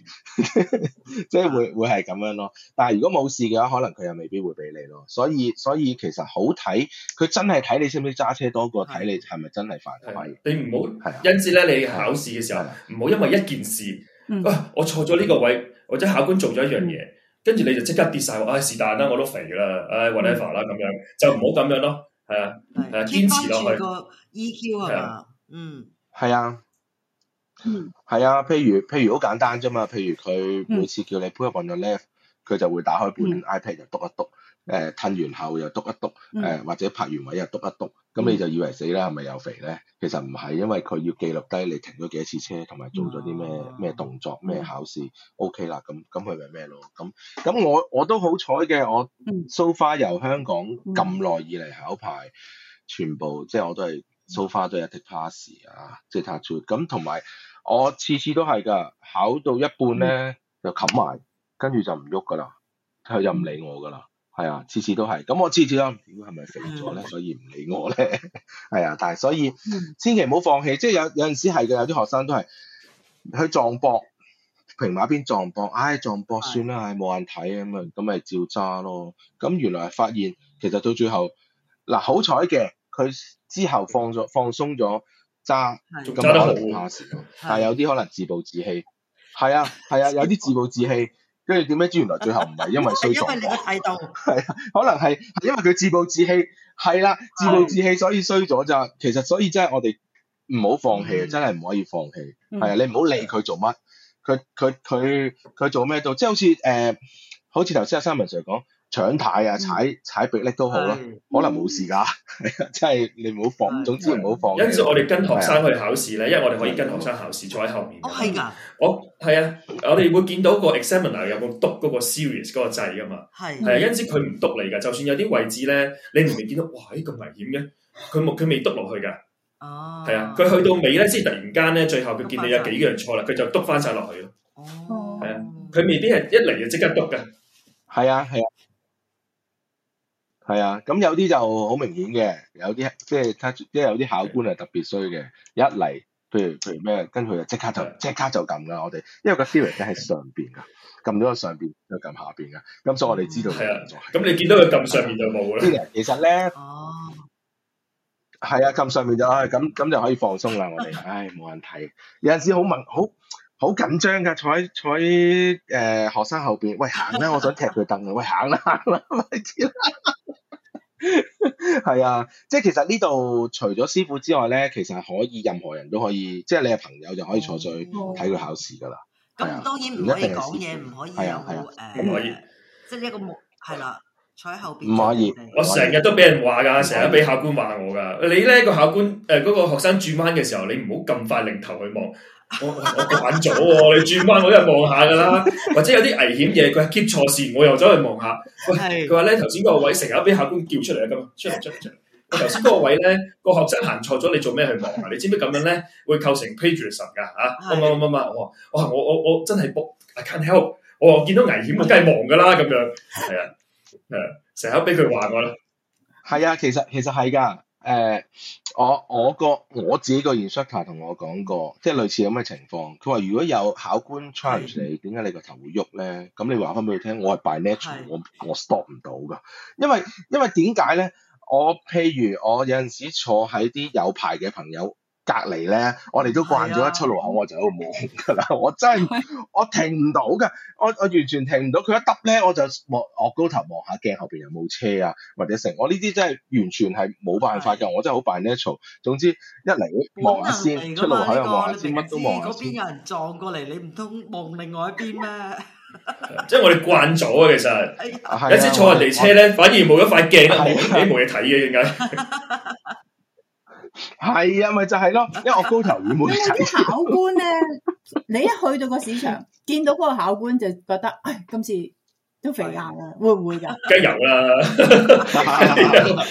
即係會會係咁樣咯。但係如果冇事嘅話，可能佢又未必會俾你咯。所以所以其實好睇，佢真係睇你識唔識揸車多過睇你係咪真係犯規。你唔好，係。因此咧，你考試嘅時候唔好因為一件事，哇！我錯咗呢個位，或者考官做咗一樣嘢，跟住你就即刻跌晒話，唉，是但啦，我都肥啦，唉，whatever 啦，咁樣就唔好咁樣咯。係啊，係啊，堅持落去。個 EQ 啊，嗯，係啊。嗯，係、mm. 啊，譬如譬如好簡單啫嘛，譬如佢每次叫你 pull up on your left，佢就會打開本 iPad 就督一督，誒褪、mm. 呃、完後又督一督，誒、mm. 或者拍完位又督一督。咁、mm. 你就以為死啦，係咪又肥咧？其實唔係，因為佢要記錄低你停咗幾多次車，同埋做咗啲咩咩動作，咩考試、mm.，OK 啦，咁咁佢咪咩咯？咁咁我我都好彩嘅，我 so far 由香港咁耐以嚟考牌，mm. 全部即係我都係 so far 都一 take pass 啊、uh, uh,，即係 pass 咗咁同埋。And, and 我次次都係噶，考到一半咧、嗯、就冚埋，跟住就唔喐噶啦，佢又唔理我噶啦。係啊，次次都係。咁我次次都，唔知係咪肥咗咧，所以唔理我咧。係啊，但係所以千祈唔好放棄。即係有有陣時係噶，有啲學生都係去撞博，平馬邊撞博，唉撞博算啦，唉冇眼睇咁啊，咁咪照揸咯。咁原來發現其實到最後，嗱好彩嘅，佢之後放咗放鬆咗。揸咁可能唔怕事，但係有啲可能自暴自棄。係啊，係啊，有啲自暴自棄，跟住點樣知？原來最後唔係因為衰咗，因為你個態度係啊，可能係因為佢自暴自棄係啦，自暴自棄所以衰咗咋。其實所以真係我哋唔好放棄，嗯、真係唔可以放棄係啊。你唔好理佢做乜，佢佢佢佢做咩到？即係好似誒、呃，好似頭先阿 Simon Sir 講。搶太啊，踩踩鼻力，都好咯，可能冇事噶，即係你唔好放。總之唔好放。因此我哋跟學生去考試咧，因為我哋可以跟學生考試坐喺後面。哦，係噶，我係啊，我哋會見到個 examiner 有冇督嗰個 serious 嗰個掣噶嘛？係。係啊，因此佢唔督嚟噶，就算有啲位置咧，你唔會見到，哇！咁危險嘅，佢冇，佢未督落去噶。哦。係啊，佢去到尾咧，先突然間咧，最後佢見你有幾樣錯啦，佢就督翻晒落去咯。哦。係啊，佢未必係一嚟就即刻督噶。係啊，係啊。係啊，咁有啲就好明顯嘅，有啲即係即係有啲考官係特別衰嘅，的一嚟，譬如、譬如咩，跟佢就即刻的就即刻就撳啦，我哋，因為個 feeling 咧係上邊噶，撳咗喺上邊都撳下邊噶，咁所以我哋知道，係啊，咁你見到佢撳上面就冇啦，其實咧，哦、嗯，係啊，撳上面就啊，咁、哎、咁就可以放鬆啦，我哋，唉，冇眼睇。有陣時好文，好好緊張噶，坐喺坐喺誒、呃、學生後邊，喂，行啦， [LAUGHS] 我想踢佢凳，喂，行啦行啦。係 [LAUGHS] 啊，即係其實呢度除咗師傅之外咧，其實可以任何人都可以，即係你係朋友就可以坐上去睇佢考試噶啦。咁、嗯啊、當然唔可以講嘢，唔可以有誒，即係一個木係啦，坐喺後邊。唔、呃、可以，我成日都俾人話噶，成日俾考官話我噶。你咧個考官誒，嗰、呃那個學生轉彎嘅時候，你唔好咁快擰頭去望。 [LAUGHS] [LAUGHS] 我我慣咗喎，你轉彎我一望下噶啦，或者有啲危險嘢，佢話 keep 錯線，我又走去望下。喂，佢話咧頭先嗰個位成日俾考官叫出嚟啊，咁出嚟出嚟出嚟。我頭先嗰個位咧個學生行錯咗，你做咩去望啊？你知唔知咁樣咧會構成 p a g e a t 噶吓？唔唔唔唔，我話我我我真係 I can't help，我、喔、話見到危險我梗係望噶啦，咁樣係啊，誒、啊，成日俾佢話我啦。係啊，其實其實係噶。誒、uh,，我我個我自己個 instructor 同我講過，即係類似咁嘅情況，佢話如果有考官 challenge 你，點解、mm. 你個頭會喐咧？咁你話翻俾佢聽，我係 by nature 我我 stop 唔到㗎，因為因為點解咧？我譬如我有陣時坐喺啲有牌嘅朋友。隔籬咧，我哋都慣咗一出路口我就喺度望噶啦，我真係我停唔到噶，我我完全停唔到。佢一耷咧，我就望，昂高頭望下鏡後邊有冇車啊，或者成。我呢啲真係完全係冇辦法噶，我真係好 natural。總之一嚟，望下先，出路口又望下先，乜都望先。嗰邊有人撞過嚟，你唔通望另外一邊咩？即係我哋慣咗啊！其實有次坐人哋車咧，反而冇一塊鏡，你冇嘢睇嘅，點解？係啊，咪就係、是、咯，因為我高頭軟妹。嗰啲考官咧，你一去到個市場，見到嗰個考官就覺得，唉、哎，今次都肥硬啦，會唔會噶？梗有啦、да。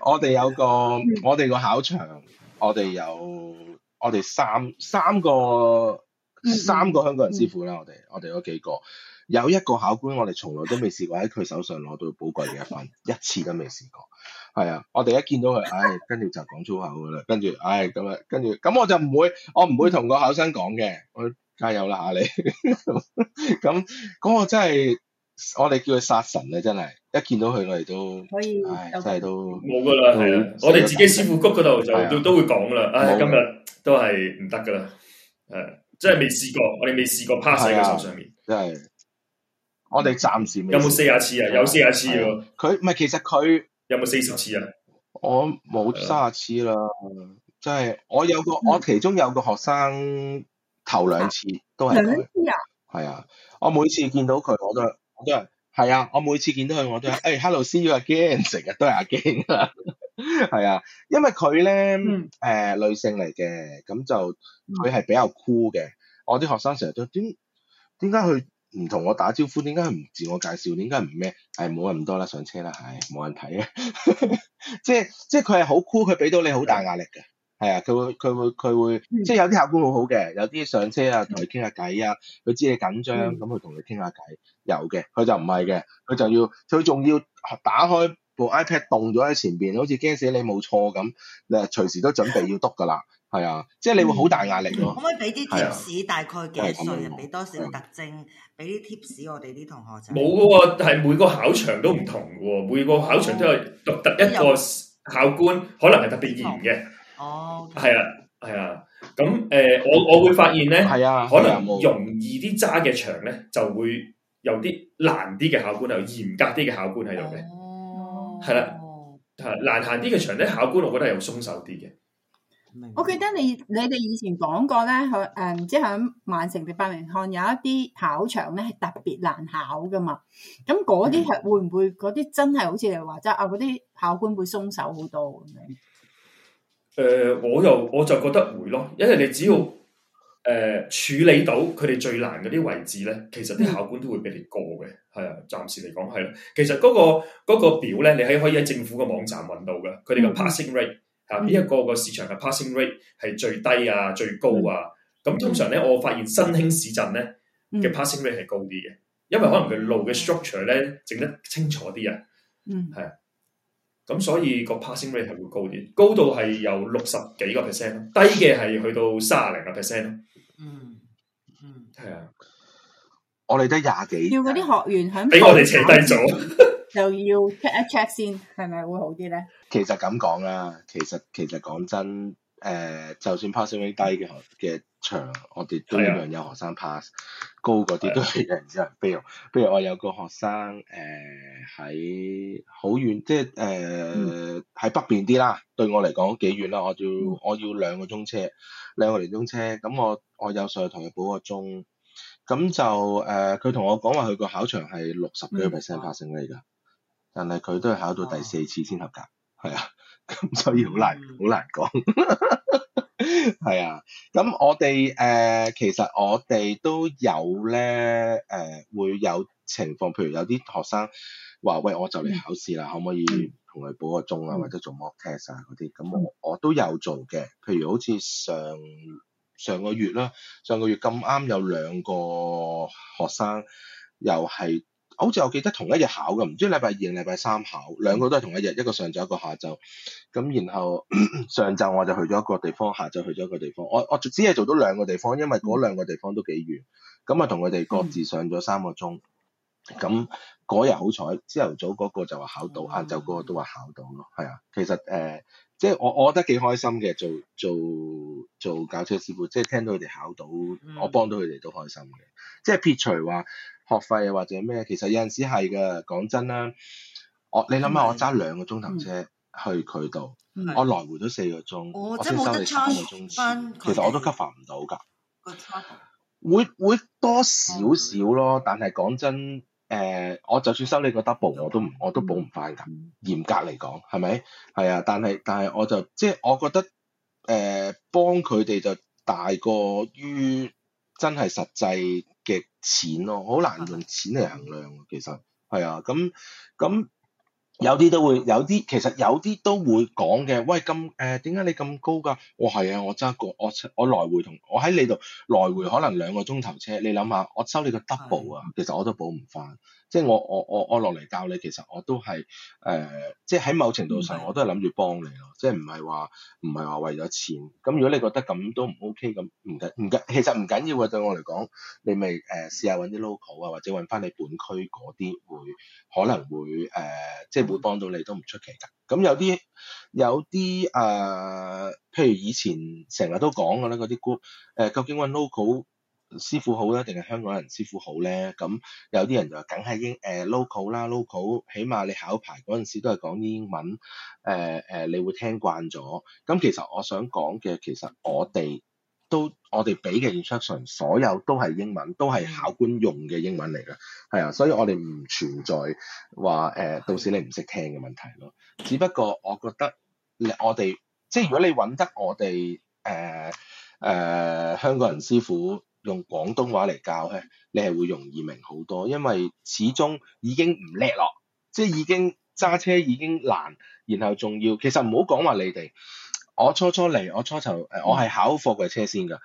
我哋有個，我哋個考場，我哋有，我哋三三個三個香港人師傅啦，我哋我哋嗰幾個。有一個考官，我哋從來都未試過喺佢手上攞到寶貴嘅一分，一次都未試過。係啊，我哋一見到佢，唉、哎，跟住就講粗口噶啦，跟住，唉，咁啊，跟住，咁我就唔會，我唔會同個考生講嘅，我加油啦，吓、啊、你。咁，嗰個真係，我哋叫佢殺神咧，真係，一見到佢我哋都，哎、都可以。唉，真係都冇噶啦，係啊，我哋自己師傅谷嗰度就都會講啦。唉，今日都係唔得噶啦，誒，真係未試過，我哋未試過趴 a 喺佢手上面。我哋暫時未有冇四十次啊？有四十次喎、啊。佢唔係，其實佢有冇四十次啊？我冇卅次啦，即係的我有個、嗯、我其中有個學生頭兩次都係佢。兩次啊？係啊，我每次見到佢，我都我都係啊。我每次見到佢，我都誒、 [LAUGHS] hey,，hello，see you again，成日都係 again 啦。係啊，因為佢咧誒女性嚟嘅，咁就佢係比較 cool 嘅。我啲學生成日都點點解佢？唔同我打招呼，點解唔自我介紹？點解唔咩？誒冇咁多啦，上車啦！誒、哎、冇人睇嘅， [LAUGHS] 即係即係佢係好酷，佢俾到你好大壓力嘅，係啊，佢會佢會佢會，即係有啲客官好好嘅，有啲上車啊，同佢傾下偈啊，佢知你緊張，咁佢同你傾下偈，有嘅，佢就唔係嘅，佢就要，佢仲要打開部 iPad，動咗喺前邊，好似驚死你冇錯咁，你隨時都準備要篤㗎喇。係啊，即係你會好大壓力咯。可唔可以俾啲 tips？大概幾歲啊？俾多少特徵？俾啲 tips？我哋啲同學仔？冇噶喎，係每個考場都唔同噶喎，每個考場都有獨特一個考官，可能係特別嚴嘅。哦，係啊，係啊。咁誒，我我會發現咧，係啊，可能容易啲揸嘅場咧，就會有啲難啲嘅考官，有嚴格啲嘅考官喺度嘅。哦，係啦，難行啲嘅場咧，考官我覺得係有鬆手啲嘅。我記得你你哋以前講過咧，響、嗯、誒即係響曼城嘅伯明翰有一啲考場咧係特別難考噶嘛，咁嗰啲係會唔會嗰啲真係好似係話齋啊？嗰啲考官會鬆手好多咁樣？誒、呃，我又我就覺得會咯，因為你只要誒、呃、處理到佢哋最難嗰啲位置咧，其實啲考官都會俾你過嘅，係啊、嗯，暫時嚟講係咯。其實嗰、嗰個、嗰個表咧，你喺可以喺政府個網站揾到噶，佢哋嘅 passing rate。啊！呢一個個市場嘅 passing rate 係最低啊、最高啊，咁通常咧，我發現新興市鎮咧嘅、嗯、passing rate 係高啲嘅，因為可能佢路嘅 structure 咧整得清楚啲啊，嗯，係，咁所以個 passing rate 係會高啲，高到係由六十幾個 percent，低嘅係去到卅零個 percent 咯、嗯，嗯嗯，係啊的，我哋得廿幾，要嗰啲學員喺俾我哋扯低咗。 [LAUGHS] 就要 check 一 check 先，係咪會好啲咧？其實咁講啦，其實其實講真，誒、呃，就算 passing rate 低嘅學嘅場，我哋都一樣有學生 pass Yeah. 高生。高嗰啲都係有啲人 fail。譬如我有個學生誒喺好遠，即係誒喺北邊啲啦。對我嚟講幾遠啦，我要我要兩個鐘車，兩個零鐘車。咁我我有上堂補個鐘，咁就誒佢同我講話，佢個考場係六十幾個 percent pass 成嘅㗎。但係佢都係考到第四次先合格，係、oh. 是啊，咁 [LAUGHS] 所以好難好難講，係 [LAUGHS] 啊。咁我哋誒、呃、其實我哋都有咧誒、呃、會有情況，譬如有啲學生話：喂，我就嚟考試啦，mm hmm. 可唔可以同佢補個鐘啊？或者做 mock test 啊嗰啲。咁我我都有做嘅，譬如好似上上個月啦，上個月咁啱有兩個學生又係。好似我記得同一日考嘅，唔知禮拜二定禮拜三考，兩個都係同一日，一個上晝一個下晝。咁然後 [COUGHS] 上晝我就去咗一個地方，下晝去咗一個地方。我我只係做到兩個地方，因為嗰兩個地方都幾遠。咁啊，同佢哋各自上咗三個鐘。咁嗰日好彩，朝頭早嗰個就話考到，晏晝嗰個都話考到咯。係啊，其實誒、呃，即係我我覺得幾開心嘅，做做做教車師傅，即係聽到佢哋考到，嗯、我幫到佢哋都開心嘅。即係撇除話，學費又或者咩，其實有陣時係嘅，講真啦，我你諗下，我揸兩個鐘頭車去佢度，我來回都四個鐘，我先收你三個鐘、哦、其實我都 cover 唔到㗎，會會多少少咯，但係講真，誒、呃，我就算收你個 double，我都唔我都補唔翻㗎，嗯、嚴格嚟講，係咪？係啊，但係但係我就即係我覺得，誒、呃，幫佢哋就大過於真係實際。錢咯、哦，好難用錢嚟衡量。其實係啊，咁咁有啲都會有啲，其實有啲都會講嘅。喂，咁誒點解你咁高㗎？我係啊，我揸過我我來回同我喺你度來回可能兩個鐘頭車。你諗下，我收你個 double 啊，其實我都補唔返。即係我我我我落嚟教你，其實我都係誒、呃，即係喺某程度上我都係諗住幫你咯，嗯、即係唔係話唔係話為咗錢。咁如果你覺得咁都唔 OK，咁唔緊唔緊，其實唔緊要嘅對我嚟講，你咪誒、呃、試下揾啲 local 啊，或者揾翻你本區嗰啲會可能會誒、呃，即係會幫到你都唔出奇㗎。咁有啲有啲誒、呃，譬如以前成日都講嘅咧，嗰啲 group 誒，究竟揾 local 師傅好咧，定係香港人師傅好咧？咁有啲人就話梗係英誒、呃、local 啦，local 起碼你考牌嗰陣時都係講英文，誒、呃、誒、呃，你會聽慣咗。咁其實我想講嘅，其實我哋都我哋俾嘅 instruction 所有都係英文，都係考官用嘅英文嚟嘅，係啊，所以我哋唔存在話誒、呃，到時你唔識聽嘅問題咯。只不過我覺得你我哋即係如果你揾得我哋誒誒香港人師傅。用廣東話嚟教咧，你係會容易明好多，因為始終已經唔叻咯，即係已經揸車已經難，然後仲要其實唔好講話你哋，我初初嚟，我初頭誒我係考貨櫃車先㗎，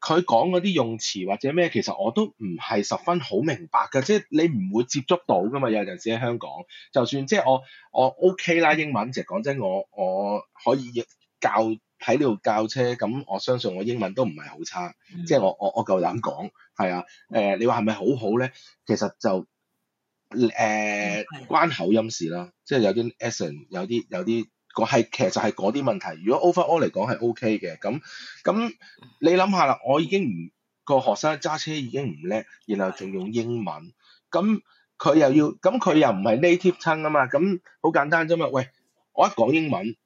佢講嗰啲用詞或者咩，其實我都唔係十分好明白㗎，即係你唔會接觸到㗎嘛，有陣時喺香港，就算即係我我 OK 啦，英文其實講真，我我可以教。喺呢度教車，咁我相信我英文都唔係好差，mm hmm. 即係我我我夠膽講係啊。誒、呃，你話係咪好好咧？其實就誒、呃、關口音事啦，即係有啲 accent 有啲有啲，我其實就係嗰啲問題。如果 overall 嚟講係 OK 嘅，咁咁你諗下啦，我已經唔、個學生揸車已經唔叻，然後仲用英文，咁佢又要咁佢又唔係 native 親啊嘛，咁好簡單啫嘛。喂，我一講英文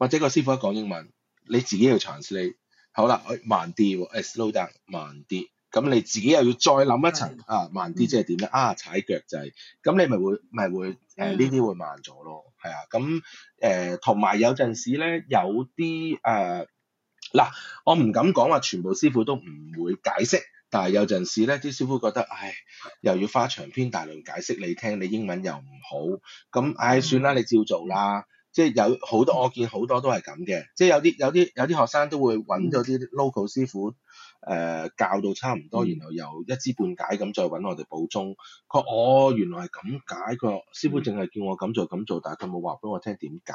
或者個師傅一講英文。.你自己要 translate 你好啦，慢啲 slow down 慢啲，咁你自己又要再諗一層啊，慢啲即係點咧？啊踩腳就係，咁你咪會咪會誒呢啲會慢咗咯，係啊，咁誒同埋有陣時咧有啲誒嗱，我唔敢講話全部師傅都唔會解釋，但係有陣時咧啲師傅覺得，唉又要花長篇大論解釋你聽，你英文又唔好，咁唉、哎、算啦，你照做啦。即係有好多，我見好多都係咁嘅。即係有啲有啲有啲學生都會揾咗啲 local 師傅誒、呃、教到差唔多，然後又一知半解咁再揾我哋補充。佢我、哦、原來係咁解，佢師傅淨係叫我咁做咁做，但係佢冇話俾我聽點解。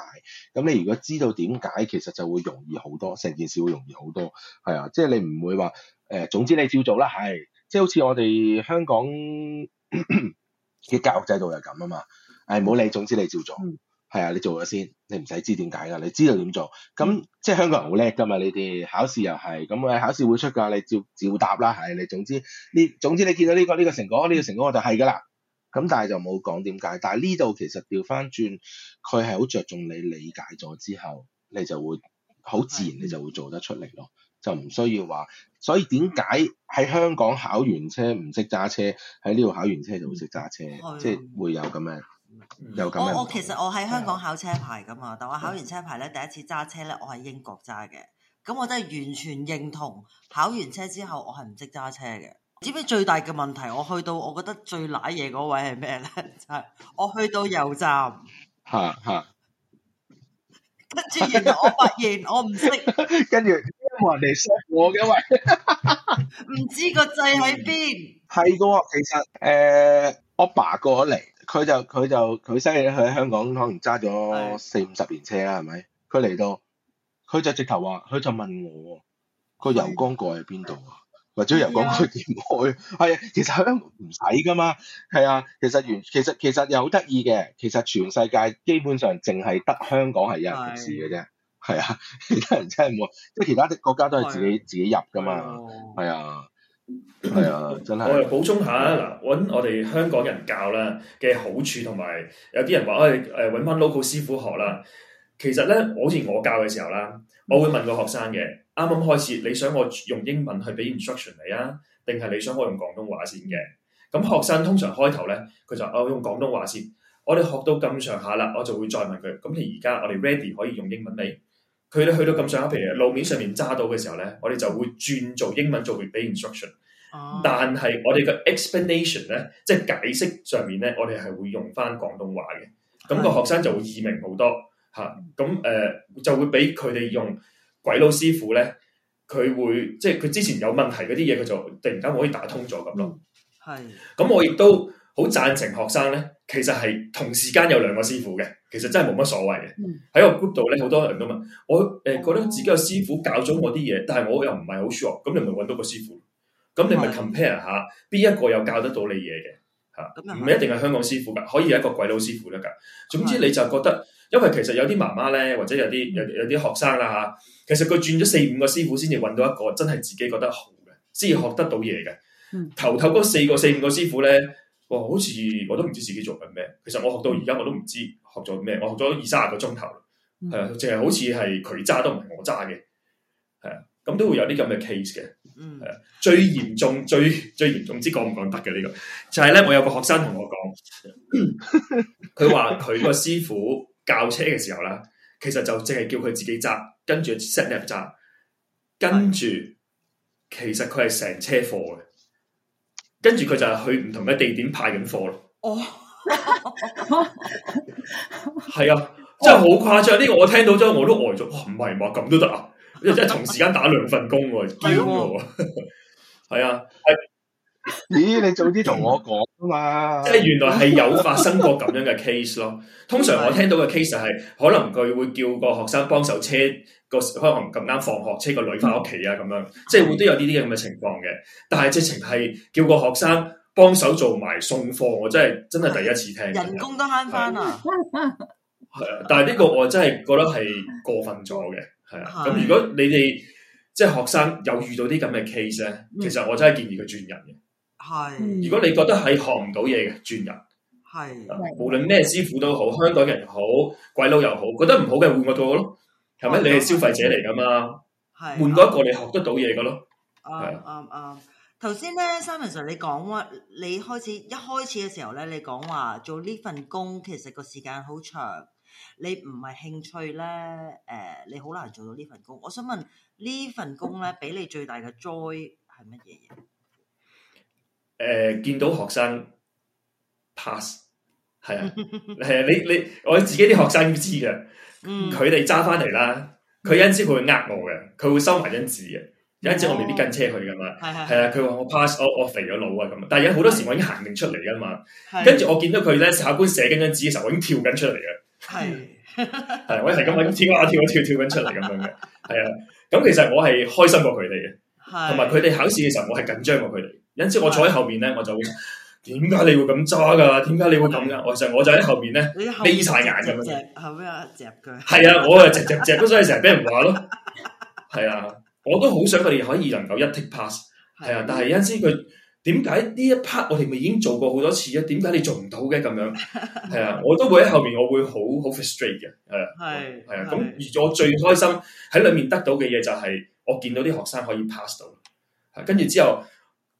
咁你如果知道點解，其實就會容易好多，成件事會容易好多。係啊，即係你唔會話誒、呃，總之你照做啦。係，即係好似我哋香港嘅教育制度又係咁啊嘛。誒、哎，唔好理，總之你照做。嗯。係啊，你做咗先，你唔使知點解噶，你知道點做，咁即係香港人好叻噶嘛？你哋考試又係，咁誒考試會出噶，你照照答啦，係你總之你總之你見到呢個呢個成果，呢個成果我就係噶啦。咁但係就冇講點解，但係呢度其實調翻轉，佢係好着重你理解咗之後，你就會好自然，你就會做得出嚟咯，就唔需要話。所以點解喺香港考完車唔識揸車，喺呢度考完車就會識揸車，的即係會有咁樣。有我我其實我喺香港考車牌噶嘛，但我考完車牌咧，第一次揸車咧，我喺英國揸嘅，咁我真係完全認同，考完車之後我係唔識揸車嘅。知唔知最大嘅問題？我去到我覺得最瀨嘢嗰位係咩咧？係、就係、我去到油站，吓吓，跟住然後我發現我唔識，跟住冇人哋識我嘅話，唔 [LAUGHS] 知個掣喺邊？係噶、嗯，其實誒，我、呃、爸，爸過咗嚟，佢就佢就佢犀利，佢喺香港可能揸咗四五十年車啦，係咪的？佢嚟到，佢就直頭話，佢就問我個油缸蓋喺邊度啊？的或者油缸蓋點開？係啊的，其實香港唔使噶嘛，係啊，其實原其實其實又好得意嘅。其實全世界基本上淨係得香港係一人獨佔嘅啫，係啊的，其他人真係冇，即係其他啲國家都係自己的自己入噶嘛，係啊的。係啊，真係。我又補充下啊，嗱，揾我哋香港人教啦嘅好處同埋，有啲人話，誒、哎，誒，揾翻 local 師傅學啦。其實咧，好似我教嘅時候啦，我會問個學生嘅，啱啱開始，你想我用英文去俾 instruction 你啊，定係你想我用廣東話先嘅？咁學生通常開頭咧，佢就、哦、我用廣東話先。我哋學到咁上下啦，我就會再問佢，咁你而家我哋 ready 可以用英文嚟。佢哋去到咁上下，譬如路面上面揸到嘅時候咧，我哋就會轉做英文做俾 instruction，、啊、但係我哋嘅 explanation 咧，即係解釋上面咧，我哋係會用翻廣東話嘅，咁、那個學生就會易明好多嚇。咁誒、嗯啊、就會俾佢哋用鬼佬師傅咧，佢會即係佢之前有問題嗰啲嘢，佢就突然間可以打通咗咁咯。係、嗯，咁我亦都好贊成學生咧。其實係同時間有兩個師傅嘅，其實真係冇乜所謂嘅。喺、嗯、個 group 度咧，好多人都問我，誒、呃，覺得自己個師傅教咗我啲嘢，但係我又唔係好 sure，咁你咪揾到個師傅，咁你咪 compare 下，邊一個又教得到你嘢嘅吓？唔、嗯、一定係香港師傅噶，可以有一個鬼佬師傅得噶。總之你就覺得，因為其實有啲媽媽咧，或者有啲有有啲學生啦吓，其實佢轉咗四五個師傅先至揾到一個真係自己覺得好嘅，先至學得到嘢嘅。嗯、頭頭嗰四個四五個師傅咧。好似我都唔知自己做緊咩。其實我學到而家我都唔知學咗咩。我學咗二三十個鐘頭，係、嗯、啊，淨係好似係佢揸都唔係我揸嘅，係啊，咁都會有啲咁嘅 case 嘅。係啊，最嚴重、最最嚴重，唔知講唔講得嘅、這個就是、呢個就係咧。我有個學生同我講，佢話佢個師傅教車嘅時候啦，其實就淨係叫佢自己揸，跟住 set 你揸，跟住其實佢係成車貨嘅。跟住佢就係去唔同嘅地點派緊貨咯。哦，係 [LAUGHS] 啊，真係好誇張！呢個我聽到咗，我都呆咗哇，唔係嘛，咁都得啊？即係同時間打兩份工喎，驚喎。係啊，咦？你早啲同我講啊嘛！ [LAUGHS] 即係原來係有發生過咁樣嘅 case 咯。通常我聽到嘅 case 係、就係，可能佢會叫個學生幫手車，個可能咁啱放學，車個女翻屋企啊，咁樣即係會都有呢啲咁嘅情況嘅。但係直情係叫個學生幫手做埋送貨，我真係真係第一次聽。人工都慳翻啊！係啊，但係呢個我真係覺得係過分咗嘅，係啊。咁是如果你哋即係學生有遇到啲咁嘅 case 咧，其實我真係建議佢轉人嘅。係是，如果你覺得係學唔到嘢嘅，轉人係，是無論咩師傅都好，香港人好，鬼佬又好，覺得唔好嘅換個套咯。係咪你係消費者嚟噶嘛？係換的過一個你學得到嘢噶咯。啊啊啊！頭先咧，Simon Sir，你講話，你開始一開始嘅時候咧，你講話做呢份工其實個時間好長，你唔係興趣咧，誒、呃、你好難做到呢份工。我想問呢份工咧，俾你最大嘅 joy 係乜嘢？誒、呃，見到學生 pass 係啊係啊，你你我自己啲學生都知嘅。佢哋揸翻嚟啦，佢、嗯、有陣時會呃我嘅，佢會收埋張紙嘅，有陣時我未必跟車去噶嘛，係、哦、啊，佢話我 pass 我我肥咗腦啊咁，但係有好多時我已經行定出嚟噶嘛，跟住是 我見到佢咧，考官寫緊張紙嘅時候，我已經跳緊出嚟嘅，係係是、嗯，我係咁樣跳啊的跳啊跳跳緊出嚟咁樣嘅，係啊，咁、啊啊 [LAUGHS] 啊、其實我係開心過佢哋嘅，同埋佢哋考試嘅時候我係緊張過佢哋，有陣時我坐喺後面咧我就會。點解你會咁揸噶？點解你會咁噶？的我，我就我就喺後邊咧，眯晒眼咁樣。只後邊啊，夾嘅係啊，我啊，夾夾夾，所以成日俾人話咯。係啊，我都好想佢哋可以能夠一 take pass 的。係啊，但係有陣時佢，點解呢一 part 我哋咪已經做過好多次啊？點解你做唔到嘅咁樣？係啊，我都會喺後邊，我會好好 frustrate 嘅。係啊，係啊，咁而我最開心喺裏面得到嘅嘢就係我見到啲學生可以 pass 到，跟住之後。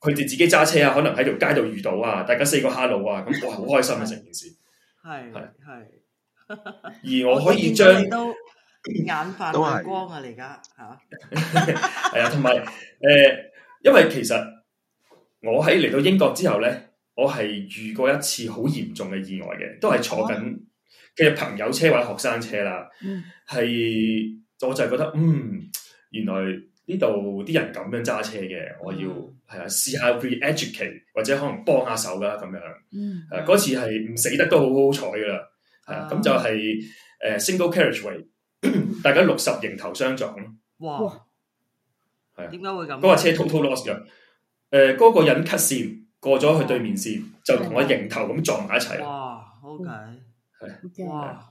佢哋自己揸車啊，可能喺條街度遇到啊，大家四個哈佬啊，咁哇好開心啊！成 [LAUGHS] 件事係係，是 [LAUGHS] 而我可以將眼發光啊！而家嚇係啊，同埋誒，因為其實我喺嚟到英國之後咧，我係遇過一次好嚴重嘅意外嘅，都係坐緊嘅朋友車或者學生車啦，係 [LAUGHS] 我就係覺得嗯，原來。呢度啲人咁樣揸車嘅，我要係啊、嗯、試下 reeducate 或者可能幫下手啦咁樣。誒嗰、嗯嗯啊、次係唔死得都好好彩噶啦，係、嗯、啊咁就係、是、誒、呃、single carriageway， [COUGHS] 大家六十迎頭相撞咯。哇！係點解會咁？嗰架、那個、車 total lost 嘅。誒、呃、嗰、那個人 cut 線過咗去對面線，就同我迎頭咁撞埋一齊。哇！OK，係哇。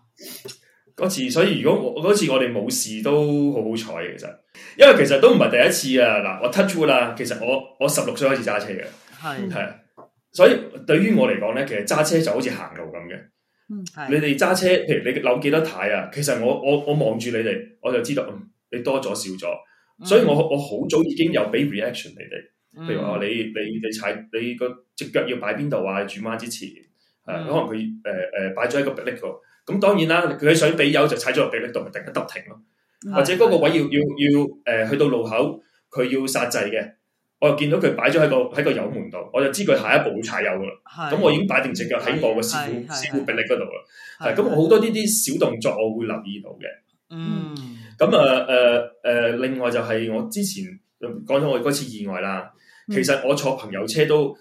嗰次，所以如果我嗰次我哋冇事都好好彩嘅，其實，因為其實都唔係第一次啊。嗱，我 touch wood 啦，其實我我十六歲開始揸車嘅，係係是，所以對於我嚟講咧，其實揸車就好似行路咁嘅。是你哋揸車，譬如你扭幾多軚啊？其實我我我望住你哋，我就知道、嗯、你多咗少咗，所以我我好早已經有俾 reaction 你哋，嗯、譬如話你你你,你踩你個隻腳要擺邊度啊？轉彎之前，誒、啊，可能佢誒誒擺咗一個個。咁當然啦，佢想俾油就踩咗落迫力度，突然間剎停咯。或者嗰個位要要要誒、呃、去到路口，佢要煞掣嘅，我又見到佢擺咗喺個喺個油門度，我就知佢下一步會踩油噶啦。咁是我已經擺定隻腳喺我個師傅師傅迫力嗰度啦。咁好是多呢啲小動作，我會留意到嘅。嗯，咁啊誒誒，另外就係我之前講咗我嗰次意外啦。嗯、其實我坐朋友車都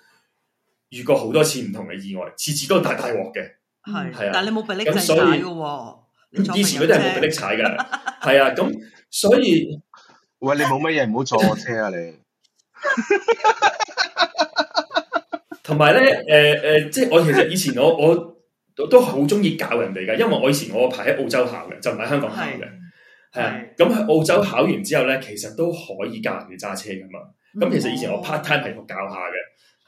遇過好多次唔同嘅意外，次次都大大鑊嘅。係，但係你冇被拎踩，所以以前嗰啲人冇被拎踩嘅，係啊。咁所以，喂，你冇乜嘢，唔好 [LAUGHS] 坐我車啊你。同埋咧，誒、呃、誒，即係我其實以前我我都好中意教人哋噶，因為我以前我排喺澳洲考嘅，就唔喺香港考嘅。係啊，咁喺澳洲考完之後咧，其實都可以教人哋揸車噶嘛。咁、嗯、其實以前我 part time 係教下嘅，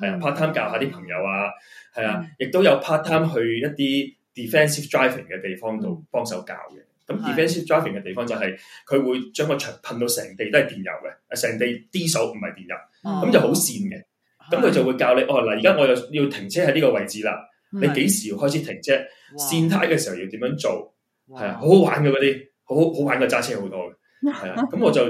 係啊、嗯 yeah,，part time 教下啲朋友啊。係啊，亦都有 part time 去一啲 defensive driving 嘅地方度幫手教嘅。咁、嗯、defensive driving 嘅地方就係、是、佢的會將個場噴到成地都係電油嘅，成地啲手唔係電油，咁、哦、就好線嘅。咁佢的就會教你，哦嗱，而家我又要停車喺呢個位置啦，的你幾時要開始停車？哇線胎嘅時候要點樣做？係哇啊，好好玩嘅嗰啲，好好好玩過揸車好多嘅。係啊， [LAUGHS] 咁我就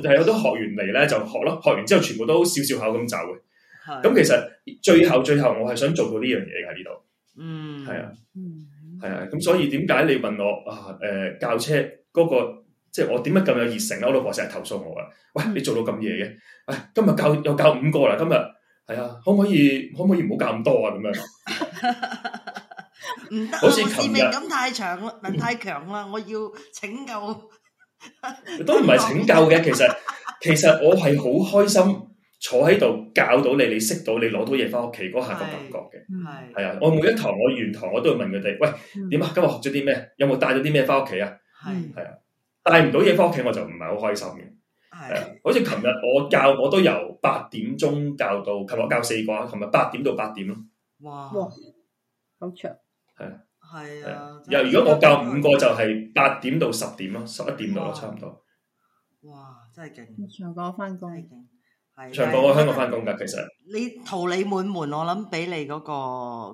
係好多學員嚟咧就學咯，學完之後全部都笑笑口咁走嘅。咁、嗯、其實最後最後我係想做到呢樣嘢喺呢度，係、嗯、啊，係、嗯、啊，咁所以點解你問我啊？誒、呃、教車嗰、那個即係、就是、我點解咁有熱誠啊？我老婆成日投訴我啊，「喂你做到咁夜嘅，喂、啊、今日教又教五個啦，今日係啊，可唔可以可唔可以唔好教咁多啊？咁樣唔得，使命感太強啦，太強啦，嗯、我要拯救，都唔係拯救嘅，其實其實我係好開心。 [LAUGHS] 坐喺度教到你，你識到你攞到嘢翻屋企嗰下個感覺嘅，係啊！我每一堂、嗯、我完堂我都要問佢哋，喂點啊？今日學咗啲咩？有冇帶咗啲咩翻屋企啊？係是啊，帶唔到嘢翻屋企我就唔係好開心嘅。係好似琴日我教我都由八點鐘教到琴日教四個，琴日八點到八點咯。哇，好長係啊，係啊。啊的又如果我教五個就係八點到十點咯，十一點到咯，差唔多哇。哇！真係勁長過我翻工。長房我香港翻工噶，其實你桃李滿門，我諗畀你嗰、嗰個、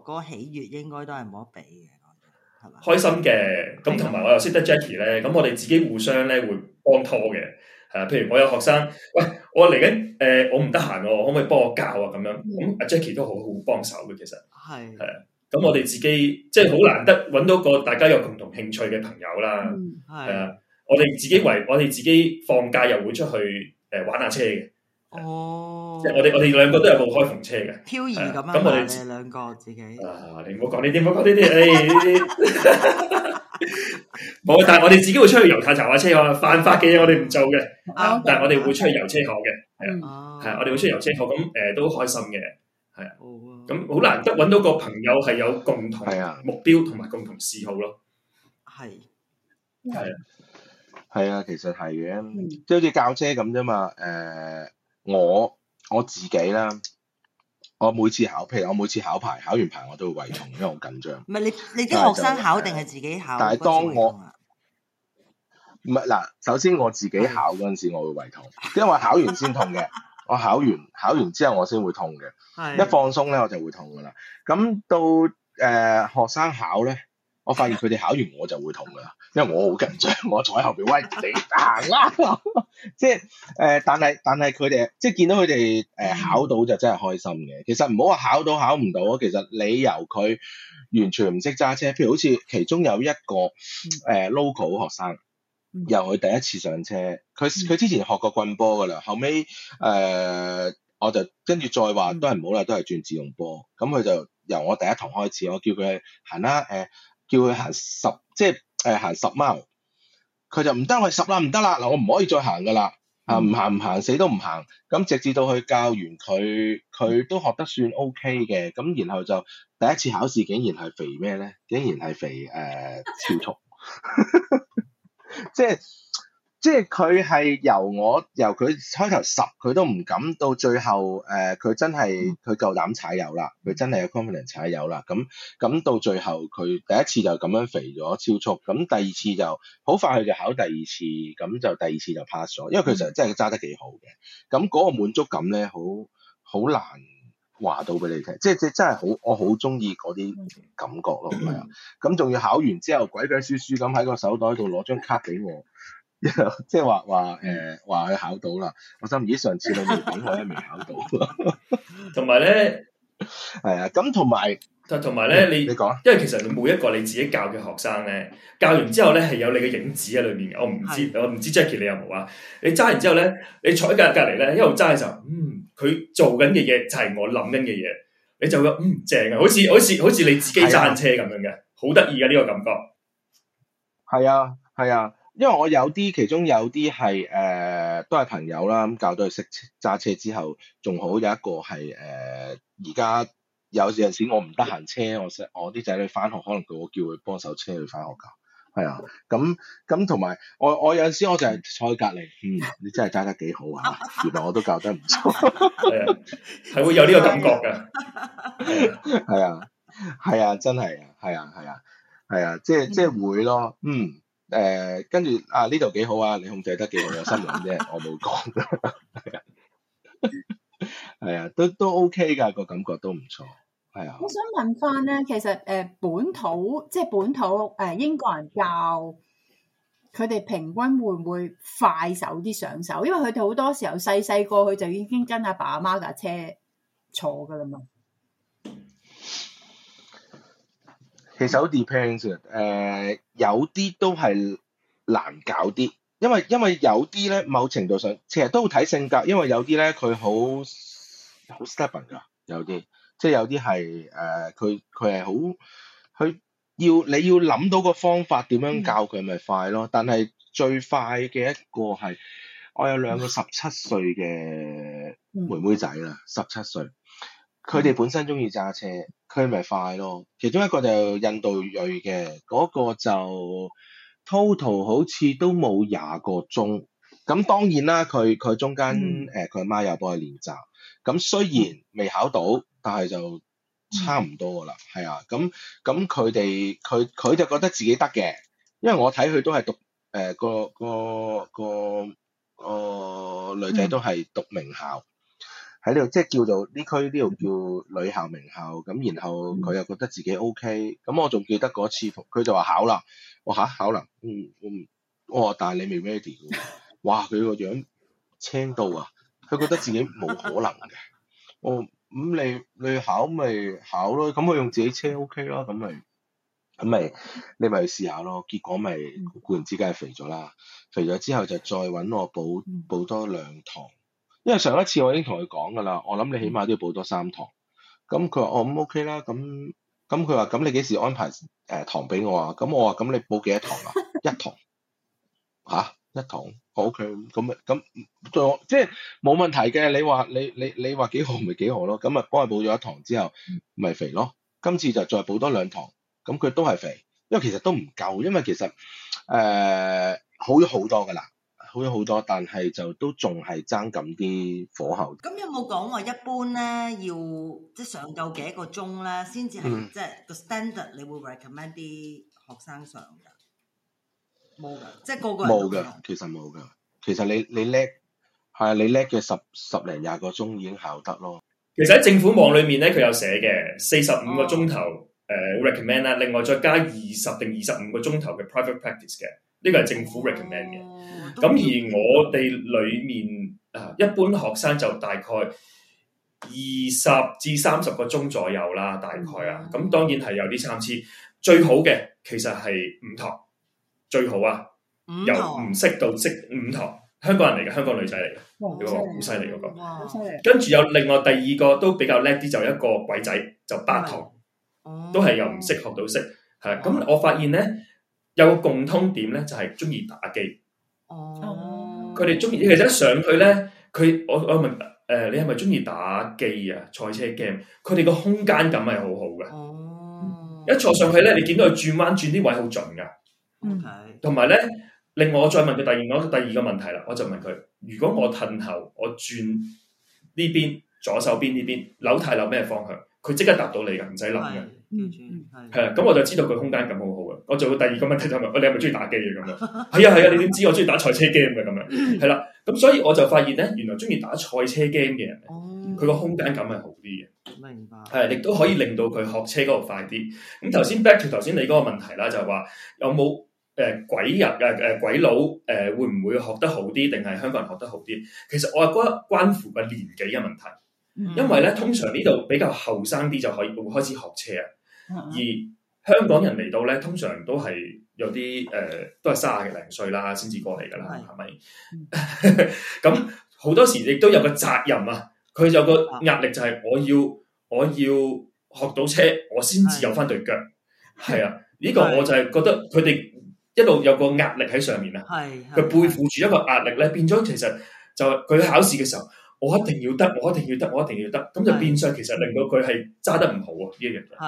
嗰個喜悅應該都係冇得比嘅，係嘛？開心嘅，咁同埋我又識得 Jackie 咧，咁我哋自己互相咧會幫拖嘅，係啊。譬如我有學生，喂，我嚟緊，誒、呃，我唔得閒，可唔可以幫我教啊？咁樣，咁阿、嗯、Jackie 都好好幫手嘅，其實係係啊。咁的我哋自己即係好難得揾到個大家有共同興趣嘅朋友啦，係啊、嗯。我哋自己為我哋自己放假又會出去誒、呃、玩，玩下車嘅。哦，即係我哋我哋兩個都係冇開房車嘅，漂移咁咁我哋兩個自己。啊，你唔好講，你點唔好講呢啲？誒，呢啲冇。但係我哋自己會出去遊下茶下車，我犯法嘅嘢我哋唔做嘅。但係我哋會出去遊車河嘅，係啊，係我哋會出去遊車河。咁誒都開心嘅，係啊。咁好難得揾到個朋友係有共同目標同埋共同嗜好咯。係係係啊，其實係嘅，即好似教車咁啫嘛。誒。我我自己啦，我每次考，譬如我每次考牌，考完牌我都會胃痛，因為好緊張。唔係你，你啲學生考定係自己考？但係當我唔係嗱，首先我自己考嗰陣時我會胃痛，因為考完先痛嘅。 [LAUGHS] 我考完考完之後我先會痛嘅， [LAUGHS] 一放鬆咧我就會痛噶啦。咁到誒、呃、學生考咧。我發現佢哋考完我就會痛噶啦，因為我好緊張，我坐喺後邊喂，你行啦。即係誒，但係但係佢哋即係見到佢哋誒考到就真係開心嘅。其實唔好話考到考唔到啊，其實你由佢完全唔識揸車，譬如好似其中有一個誒、呃、local 學生，mm hmm。由佢第一次上車，佢佢之前學過棍波噶啦，後尾，誒、呃、我就跟住再話都係唔好啦，都係轉自動波。咁佢就由我第一堂開始，我叫佢行啦誒。呃叫佢行十，即係誒行十咪，佢就唔得，喂十啦唔得啦，嗱我唔可以再行噶啦，啊唔行唔行，死都唔行，咁直至到佢教完佢，佢都學得算 O K 嘅，咁然後就第一次考試竟然係肥咩咧？竟然係肥誒超速，呃、 [LAUGHS] 即係。即係佢係由我由佢開頭十佢都唔敢到最後誒佢、呃、真係佢夠膽踩油啦，佢真係有 confidence 踩油啦，咁咁到最後佢第一次就咁樣肥咗超速，咁第二次就好快佢就考第二次，咁就第二次就 pass 咗，因為佢就、嗯、真係揸得幾好嘅，咁嗰個滿足感咧好好難話到俾你聽，即係即係真係好，我好中意嗰啲感覺咯，係咁，仲要考完之後鬼鬼祟祟咁喺個手袋度攞張卡俾我。 [LAUGHS] 即係話話誒話佢考到啦，我唔知上次你哋本可都未考到，同埋咧係啊，咁同埋同同埋咧，okay, 你你講，因為其實你每一個你自己教嘅學生咧，教完之後咧係有你嘅影子喺裏面嘅，我唔知的我唔知 Jacky 你有冇啊？你揸完之後咧，你坐喺隔隔籬咧，一路揸嘅時候，嗯，佢做緊嘅嘢就係我諗緊嘅嘢，你就覺得嗯正，啊，好似好似好似你自己揸車咁樣嘅，的好得意嘅呢個感覺，係啊係啊。因為我有啲，其中有啲係誒，都係朋友啦，咁教到佢識揸車之後，仲好有一個係誒，而家有陣時我唔得閒車，我我啲仔女翻學，可能佢會叫佢幫手車去翻學教，係啊，咁咁同埋我我有陣時我就係坐喺隔籬，嗯，你真係揸得幾好啊，原來我都教得唔錯，係啊，係會有呢個感覺噶，係啊，係啊，真係啊，係啊，係啊，係啊，即係即係會咯，嗯。誒、呃，跟住啊，呢度幾好啊，你控制得幾好。有新諗啫，我冇講係啊，都都 OK 噶，個感覺都唔錯係啊。哎、我想問翻咧，其實誒、呃，本土即係本土誒、呃，英國人教佢哋平均會唔會快手啲上手？因為佢哋好多時候細細個，佢就已經跟阿爸阿媽架車坐噶啦嘛。其實好 depend 嘅、呃，誒有啲都係難搞啲，因為因為有啲咧某程度上其實都睇性格，因為有啲咧佢好好 stubborn 㗎，有啲即係有啲係誒佢佢係好佢要你要諗到個方法點樣教佢咪快咯，嗯、但係最快嘅一個係我有兩個十七歲嘅妹妹仔啊，十七、嗯、歲。佢哋本身鍾意揸車，佢咪快咯。其中一個就印度裔嘅，嗰、那個就 total 好似都冇廿個鐘。咁當然啦，佢佢中間誒佢阿媽又幫佢練習。咁雖然未考到，但係就差唔多噶啦。係、嗯、啊，咁咁佢哋佢佢就覺得自己得嘅，因為我睇佢都係讀誒、呃、個個個個、呃、女仔都係讀名校。嗯喺呢度即係叫做呢區呢度叫女校名校咁，然後佢又覺得自己 OK。咁我仲記得嗰次，佢就話考啦，我、哦啊、考考啦。嗯，我唔我話，但係你未 ready 喎。哇！佢個樣青到啊，佢覺得自己冇可能嘅。我咁、嗯、你你考咪考咯，咁佢用自己車 OK 啦。咁咪咁咪你咪試下咯。結果咪、梗係、固然之間肥咗啦，肥咗之後就再揾我補補多兩堂。因為上一次我已經同佢講㗎啦，我諗你起碼都要補多三堂。咁佢話哦咁 OK 啦，咁咁佢話咁你幾時安排誒、呃、堂俾我啊？咁我話咁你補幾多堂,啊, [LAUGHS] 堂啊？一堂吓？一堂，OK 咁咁對即係冇問題嘅。你話你你你話幾好咪幾好咯。咁啊幫佢補咗一堂之後，咪、嗯、肥咯。今次就再補多兩堂，咁佢都係肥，因為其實都唔夠，因為其實誒、呃、好咗好多㗎啦。好咗好多，但係就都仲係爭咁啲火候。咁有冇講話一般咧，要即係上夠幾多個鐘咧，先至係即係個 standard，你會 recommend 啲學生上噶？冇噶，即係個個冇噶。其實冇噶，其實你你叻係啊，你叻嘅十十零廿個鐘已經考得咯。其實喺政府網裏面咧，佢有寫嘅四十五個鐘頭誒 recommend 啦，另外再加二十定二十五個鐘頭嘅 private practice 嘅。呢個係政府 recommend 嘅，咁而我哋裏面啊，一般學生就大概二十至三十個鐘左右啦，大概啊，咁當然係有啲參差，最好嘅其實係五堂，最好啊，由唔識到識五堂，香港人嚟嘅，香港女仔嚟嘅，一個好犀利嗰個，跟住有另外第二個都比較叻啲，就一個鬼仔就八堂，都係由唔識學到識，係咁我發現咧。有個共通點咧，就係中意打機。哦，佢哋中意。其實一上去咧，佢我我問誒、呃，你係咪中意打機啊？賽車 game，佢哋個空間感係好好嘅。哦，oh, 一坐上去咧，你見到佢轉彎轉啲位好準噶。嗯，同埋咧，另外我再問佢第二個第二個問題啦，我就問佢：如果我褪後，我轉呢邊左手邊呢邊扭軚扭咩方向？佢即刻答到你噶，唔使諗嘅。係，係、嗯、咁我就知道佢空間感好好。我做到第二個問題，就問我你係咪中意打機嘅咁樣？係啊係啊，你點 [LAUGHS] 知我中意打賽車 game 嘅咁樣？係啦，咁所以我就發現咧，原來中意打賽車 game 嘅，人，佢個、哦、空間感係好啲嘅。明白係，亦都可以令到佢學車嗰度快啲。咁頭先 back to 頭先你嗰個問題啦，就係、是、話有冇誒、呃、鬼人誒誒、呃、鬼佬誒、呃、會唔會學得好啲，定係香港人學得好啲？其實我係覺得關乎個年紀嘅問題，因為咧通常呢度比較後生啲就可以會開始學車啊，嗯嗯、而。嗯、香港人嚟到咧，通常都係有啲誒、呃，都係三十幾零歲啦，先至過嚟㗎喇，係咪？咁好多時亦都有個責任啊，佢有個壓力就係我要我要學到車，我先至有返對腳。係是啊，呢、這個我就係覺得佢哋一路有個壓力喺上面啊，佢背負住一個壓力咧，變咗其實就係佢考試嘅時候。我一定要得，我一定要得，我一定要得，咁就變相其實令到佢係揸得唔好啊，呢一樣嘢。係，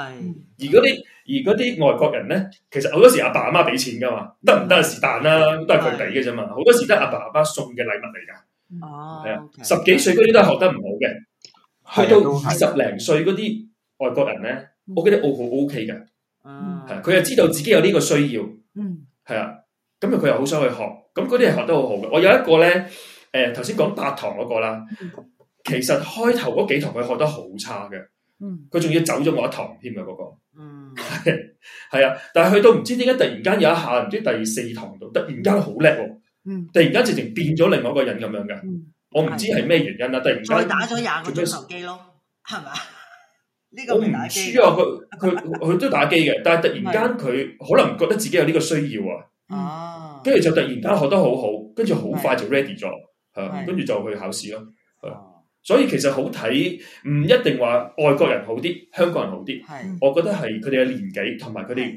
而嗰啲而啲外國人咧，其實好多時阿爸阿媽俾錢噶嘛，得唔得是但啦，都係佢俾嘅啫嘛。好多時都係阿爸阿媽送嘅禮物嚟噶。哦，係啊，十幾歲嗰啲都係學得唔好嘅，去到二十零歲嗰啲外國人咧，我覺得我好 OK 噶。啊，佢又知道自己有呢個需要，嗯，係啊，咁又佢又好想去學，咁嗰啲係學得好好嘅。我有一個咧。誒，頭先講八堂嗰個啦，其實開頭嗰幾堂佢學得好差嘅，佢仲要走咗我一堂添啊，嗰個，係係啊，但係去到唔知點解突然間有一下唔知第四堂度突然間好叻，突然間直情變咗另外一個人咁樣嘅，我唔知係咩原因啦，突然間打咗廿個手機咯，係嘛？呢個唔知啊，佢佢佢都打機嘅，但係突然間佢可能覺得自己有呢個需要啊，跟住就突然間學得好好，跟住好快就 ready 咗。跟住就去考試咯，哦、所以其實好睇，唔一定話外國人好啲，香港人好啲。的我覺得係佢哋嘅年紀，同埋佢哋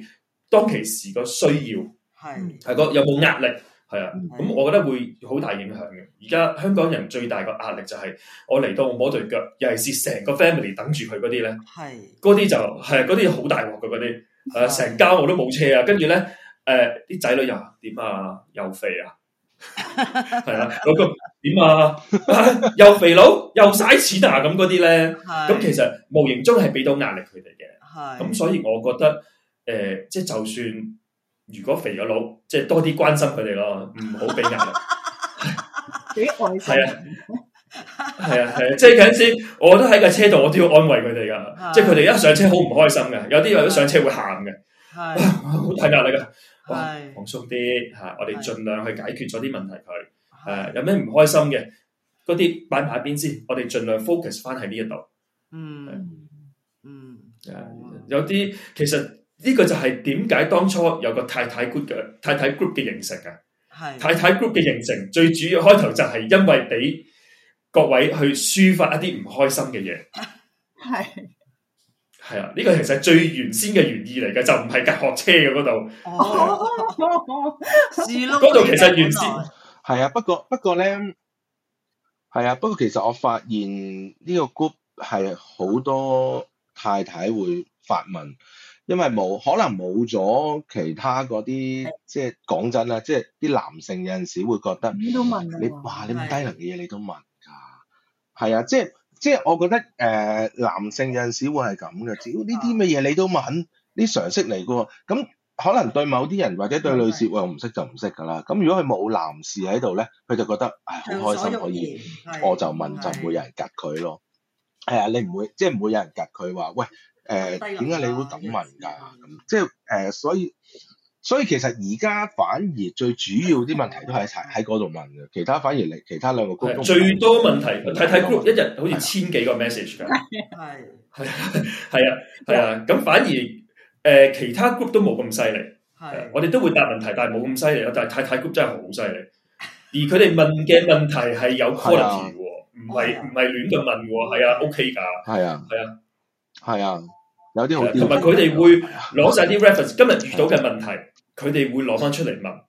當其時個需要，係個的有冇壓力，係啊。咁的我覺得會好大影響嘅。而家香港人最大個壓力就係、是、我嚟到我摸對腳，尤其是成個 family 等住佢嗰啲咧，係嗰啲就係嗰啲好大鑊嘅嗰啲，誒成的、啊、家我都冇車、呃、啊，跟住咧誒啲仔女又點啊又肥啊，係啊嗰點啊，啊？又肥佬又使錢啊？咁嗰啲咧，咁是其實無形中係俾到壓力佢哋嘅。係咁是，所以我覺得誒，即、呃、係就算如果肥咗佬，即、就、係、是、多啲關心佢哋咯，唔好俾壓力。俾 [LAUGHS] 是愛心係啊，係啊，係、啊，即係嗰陣時，我都喺架車度，我都要安慰佢哋噶。即係佢哋一上車好唔開心嘅，有啲或者上車會喊嘅，好是是大壓力噶。哇，放鬆啲吓，我哋盡量去解決咗啲問題佢。係、啊、有咩唔開心嘅？嗰啲擺埋一邊先，我哋盡量 focus 翻，喺呢一度。嗯是嗯，有啲其實呢，這個就係點解，當初有個太太 group 嘅太太 group 嘅形成嘅。太太 group 嘅形成，是太太 group 嘅形成最主要開頭就係因為俾各位去抒發一啲唔開心嘅嘢。係係啊，呢，這個其實最原先嘅原意嚟嘅，就唔係教學車嘅嗰度。哦，嗰度其實原先。係啊，不過不過咧，係啊，不過其實我發現呢個 group 係好多太太會發問，因為冇可能冇咗其他嗰啲的，即係講真啊，即係啲男性有陣時會覺得，都你都問你哇，你咁低能嘅嘢你都問噶，係啊，即係即係我覺得誒、呃，男性有陣時會係咁嘅，只要呢啲咩嘢你都問，啲常識嚟噶喎，咁。可能對某啲人或者對女士，我唔識就唔識噶啦。咁如果佢冇男士喺度咧，佢就覺得唉好開心可以，我就問就唔會有人夾佢咯。係啊，你唔會即係唔會有人夾佢話喂，誒點解你會咁問㗎？咁即係誒，所以所以其實而家反而最主要啲問題都係喺喺嗰度問嘅，其他反而另其他兩個 group 最多問題，睇睇 group 一日好似千幾個 message 㗎，係係係啊係啊，咁反而。誒、呃、其他 group 都冇咁犀利，我哋都會答問題，但係冇咁犀利。但係太太 group 真係好犀利，而佢哋問嘅問題係有 quality 喎，唔係唔係亂咁問喎。係啊，OK 噶，係啊，係啊，係啊，okay、有啲同埋佢哋會攞晒啲 reference 今日遇到嘅問題，佢哋的會攞翻出嚟問。嗱呢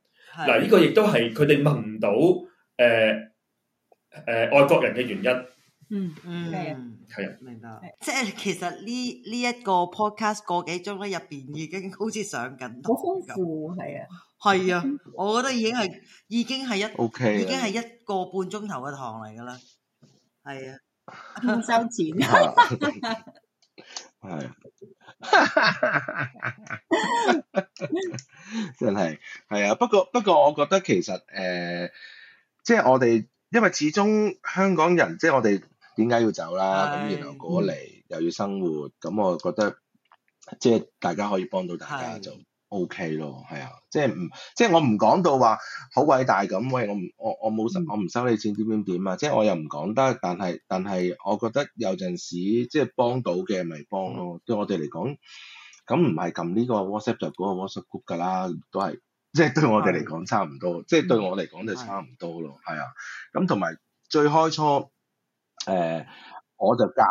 的、啊呢個亦都係佢哋問唔到誒誒、呃呃呃、外國人嘅原因。嗯嗯，係啊，明白。即係其實呢呢一個 podcast 個幾鐘咧，入邊已經好似上緊好豐富，係啊，係啊，我覺得已經係已經係一，OK，已經係一個半鐘頭嘅堂嚟噶啦，係啊，唔收錢啊，係，真係係啊，不過不過，我覺得其實誒、呃，即係我哋，因為始終香港人，即係我哋。點解要走啦？咁的然後過嚟又要生活，咁我覺得即係大家可以幫到大家就 O K 咯，係啊的，即係唔即係我唔講到話好偉大咁，喂，我唔我我冇收我唔收你錢點點點啊！即係、 [LAUGHS] 嗯、我又唔講得，但係但係我覺得有陣時即係、就是、幫到嘅咪幫咯，嗯、對我哋嚟講，咁唔係撳呢個 WhatsApp 就嗰個 WhatsApp group 㗎啦，都係即係對我哋嚟講差唔多，的即係對我嚟講就差唔多咯，係啊、嗯，咁同埋最開初。誒、uh，我就教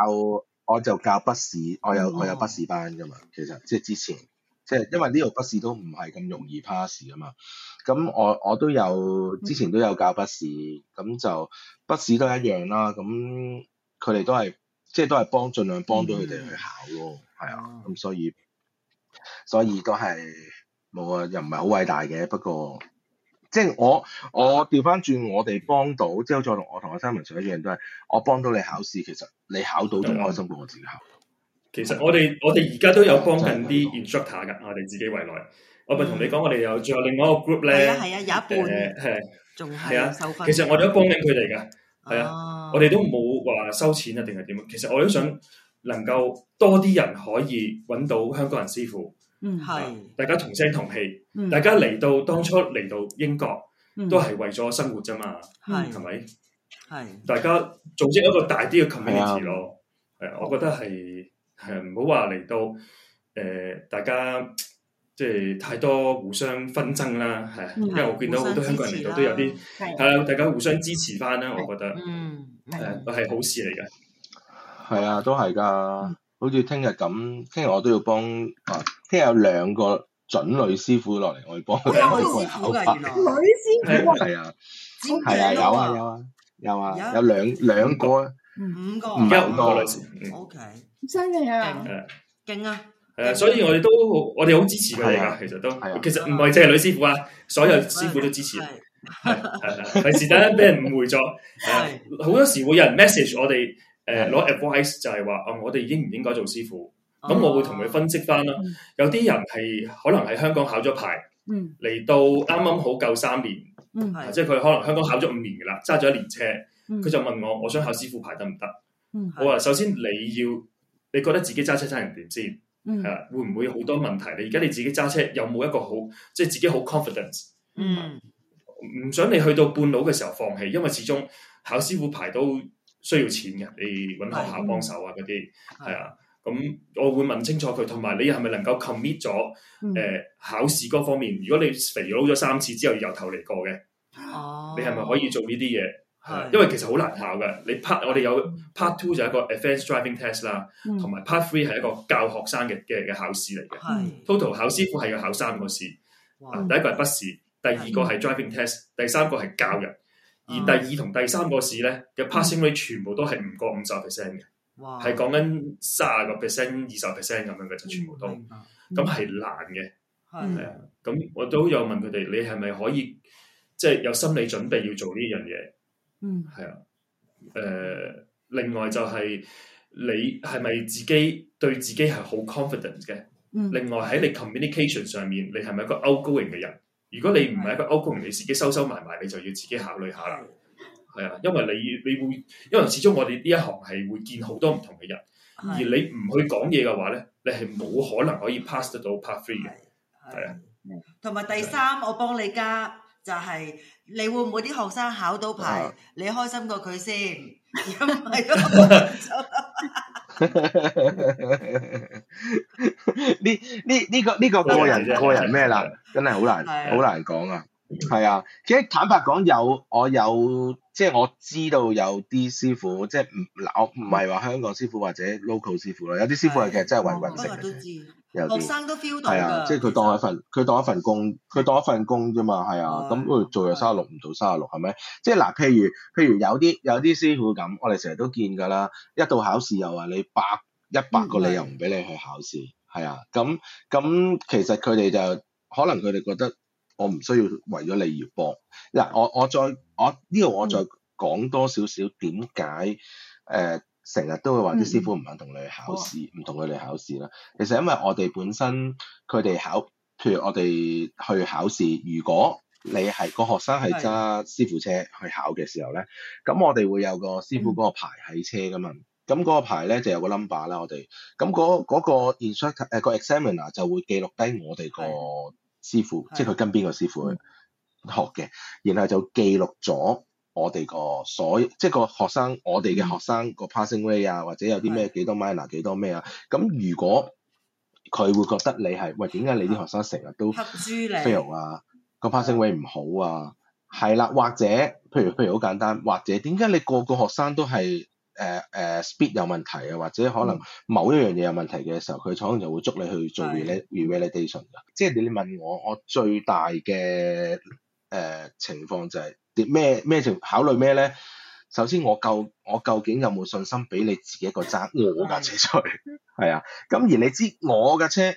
我就教筆試，我有我有筆試班噶嘛，其實即係之前，即係因為呢度筆試都唔係咁容易 pass 噶嘛，咁我我都有之前都有教筆試，咁就筆試都一樣啦，咁佢哋都係即係都係幫，盡量幫到佢哋去考咯，係、mm hmm. 啊，咁所以所以都係冇啊，又唔係好偉大嘅，不過。即係我我調翻轉，我哋幫到之後再同我同阿 Simon 一樣都係，我幫到你考試，其實你考到仲開心過我自己考到。其實我哋我哋而家都有幫緊啲 instructor 噶我哋自己圍內，我咪同你講，我哋有仲有另外一個 group 咧，係啊係、啊、有一半係仲係啊，有收分。其實我哋都幫緊佢哋噶係啊，我哋都冇話收錢啊定係點啊。其實我都想能夠多啲人可以揾到香港人師傅。嗯係，大家同聲同氣，大家嚟到當初嚟到英國都係為咗生活啫嘛，係係咪？係，大家組織一個大啲嘅 community 咯。係啊，我覺得係係唔好話嚟到誒，大家即係太多互相紛爭啦，係，因為我見到好多香港人嚟到都有啲係啦，大家互相支持翻啦，我覺得，嗯，係係好事嚟嘅。係啊，都係噶。好似聽日咁，聽日我都要幫啊，聽日有兩個準女師傅落嚟，我哋幫佢哋開口。女師傅係啊？係啊，有啊，有啊，有啊，有兩兩個，五個，唔係好多，OK，好犀利啊，勁啊！所以我哋都我哋好支持佢哋噶，其實都係啊。其實唔係淨係女師傅啊，所有師傅都支持，係係係，係時真俾人誤會咗，係好多時會有人 message 我哋。誒，攞、呃、advice 就係話，哦、呃，我哋應唔應該做師傅？咁我會同佢分析翻啦。有啲人係可能喺香港考咗牌，嚟、嗯、到啱啱好夠三年，嗯嗯、即係佢可能香港考咗五年噶啦，揸咗一年車，佢就問我，我想考師傅牌得唔得？嗯、我話首先你要，你覺得自己揸車揸人點先係會唔會好多問題？你而家你自己揸車有冇一個好，即係自己好 confidence？唔、嗯嗯、想你去到半路嘅時候放棄，因為始終考師傅牌都。需要錢嘅，你揾學校幫手啊！嗰啲係啊，咁我會問清楚佢，同埋你係咪能夠 commit 咗誒考試嗰方面？如果你肥佬咗三次之後由頭嚟過嘅，你係咪可以做呢啲嘢？因為其實好難考嘅。你 part 我哋有 part two 就係一個 advanced driving test 啦，同埋 part three 係一個教學生嘅嘅考試嚟嘅。total 考師傅係要考三個試，第一個係筆試，第二個係 driving test，第三個係教人。而第二同第三個市咧嘅、嗯、passing rate 全部都係唔過五十 percent 嘅，係講緊三十個 percent、二十 percent 咁樣嘅就、嗯、全部都，咁係、嗯、難嘅。係啊、嗯，咁、uh, 我都有問佢哋，你係咪可以即係、就是、有心理準備要做呢樣嘢？嗯，係啊。誒，另外就係、是、你係咪自己對自己係好 confident 嘅？嗯、另外喺你 communication 上面，你係咪一個 outgoing 嘅人？如果你唔係一個 outgoing，你自己收收埋埋，你就要自己考慮下啦。係啊，因為你你會，因為始終我哋呢一行係會見好多唔同嘅人，的而你唔去講嘢嘅話咧，你係冇可能可以 pass 得到 part three 嘅。係啊，同埋第三，就是、我幫你加就係、是、你會唔會啲學生考到牌，的你開心過佢先，如果唔係呢呢呢個呢、這個個人個人咩啦，真係好難好難講啊，係啊，其實坦白講有我有即係、就是、我知道有啲師傅即係唔嗱我唔係話香港師傅或者 local 師傅咯，有啲師傅係其，其實真係揾食嘅。學生都 feel 到噶、啊，即係佢當一份，佢實當咗份工，佢當一份工啫嘛，係啊，咁佢的做又卅六，唔做卅六係咪？即係嗱，譬如譬如有啲有啲師傅咁，我哋成日都見噶啦，一到考試又話你百一百個理由唔俾你去考試，係、嗯、的啊，咁咁其實佢哋就可能佢哋覺得我唔需要為咗你而搏。嗱，我我再我呢度我再講多少少點解誒？嗯成日都會話啲師傅唔肯同你去考試，唔同佢哋考試啦。其實因為我哋本身佢哋考，譬如我哋去考試，如果你係、個學生係揸師傅車去考嘅時候咧，咁的我哋會有個師傅嗰個牌喺車噶嘛。咁嗰、嗯、個牌咧就有個 number 啦，我哋、嗰個。咁、嗰個 inspector、誒個 examiner 就會記錄低我哋個師傅，的即係佢跟邊個師傅去學嘅，然後就記錄咗。我哋個所即係個學生，我哋嘅學生個 passing rate 啊，或者有啲咩的幾多 minor 幾多咩啊？咁如果佢會覺得你係喂點解你啲學生成日都 fail 啊？個 passing rate 唔好啊？係啦，或者譬如譬如好簡單，或者點解你個個學生都係誒誒 speed 有問題啊？或者可能某一樣嘢有問題嘅時候，佢可能就會捉你去做 reli revalidation 噶。即係你你問我，我最大嘅誒、uh, 情況就係、是。咩咩情考慮咩咧？首先我究我究竟有冇信心俾你自己一個揸我架車出去？係 [LAUGHS] 啊，咁而你知我架車，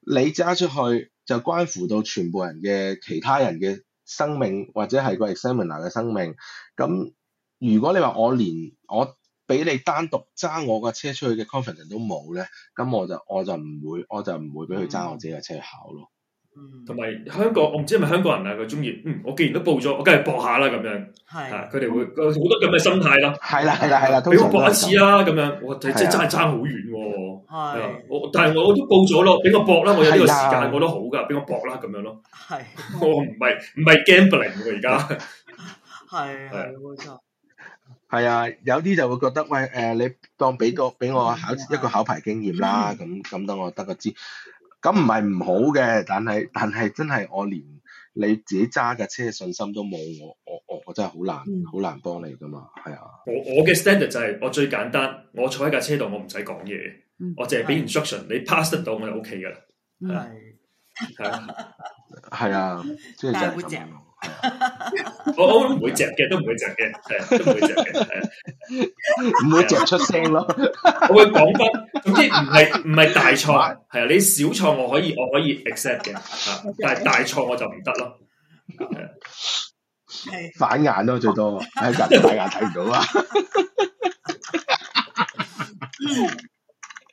你揸出去就關乎到全部人嘅其他人嘅生命，或者係個 examiner 嘅生命。咁如果你話我連我俾你單獨揸我架車出去嘅 confidence 都冇咧，咁我就我就唔會我就唔會俾佢揸我自己架車去考咯。嗯同埋香港，我唔知係咪香港人啊？佢中意嗯，我既然都報咗，我梗係搏下啦咁樣。係，佢哋會好多咁嘅心態咯。係啦，係啦，係啦，俾我搏一次啦咁樣。我即係真係爭好遠。係，我但係我都報咗咯，俾我搏啦。我有呢個時間，我都好噶，俾我搏啦咁樣咯。係，我唔係唔係 gambling 而家係係冇錯。係啊，有啲就會覺得喂，誒，你當俾個俾我考一個考牌經驗啦，咁咁等我得個知。咁唔係唔好嘅，但係但係真係我連你自己揸架車信心都冇，我我我我真係好難好、嗯、難幫你噶嘛係啊，我我嘅 standard 就係我最簡單，我坐喺架車度，嗯、我唔使講嘢，我淨係俾 instruction，你 pass 得到我就 OK 噶啦係，係啊，即係是、 [LAUGHS] 啊、就咁、是。 [LAUGHS] 我我唔會直嘅，都唔會直嘅，係都唔會直嘅，係唔會直出聲咯。 [LAUGHS] 我會講返，總之唔係唔係大錯，係啊反，你小錯我可以我可以 accept 嘅，吓，但係大錯我就唔得咯。反眼咯、啊，最多睇人，大、 [LAUGHS] 哎、眼睇唔到啊。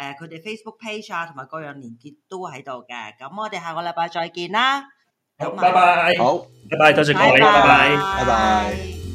誒佢哋 Facebook page 啊，同埋各樣連結都喺度嘅，咁我哋下個禮拜再見啦！好就拜拜，好，拜拜，拜拜多謝各位，拜拜，拜拜。拜拜拜拜。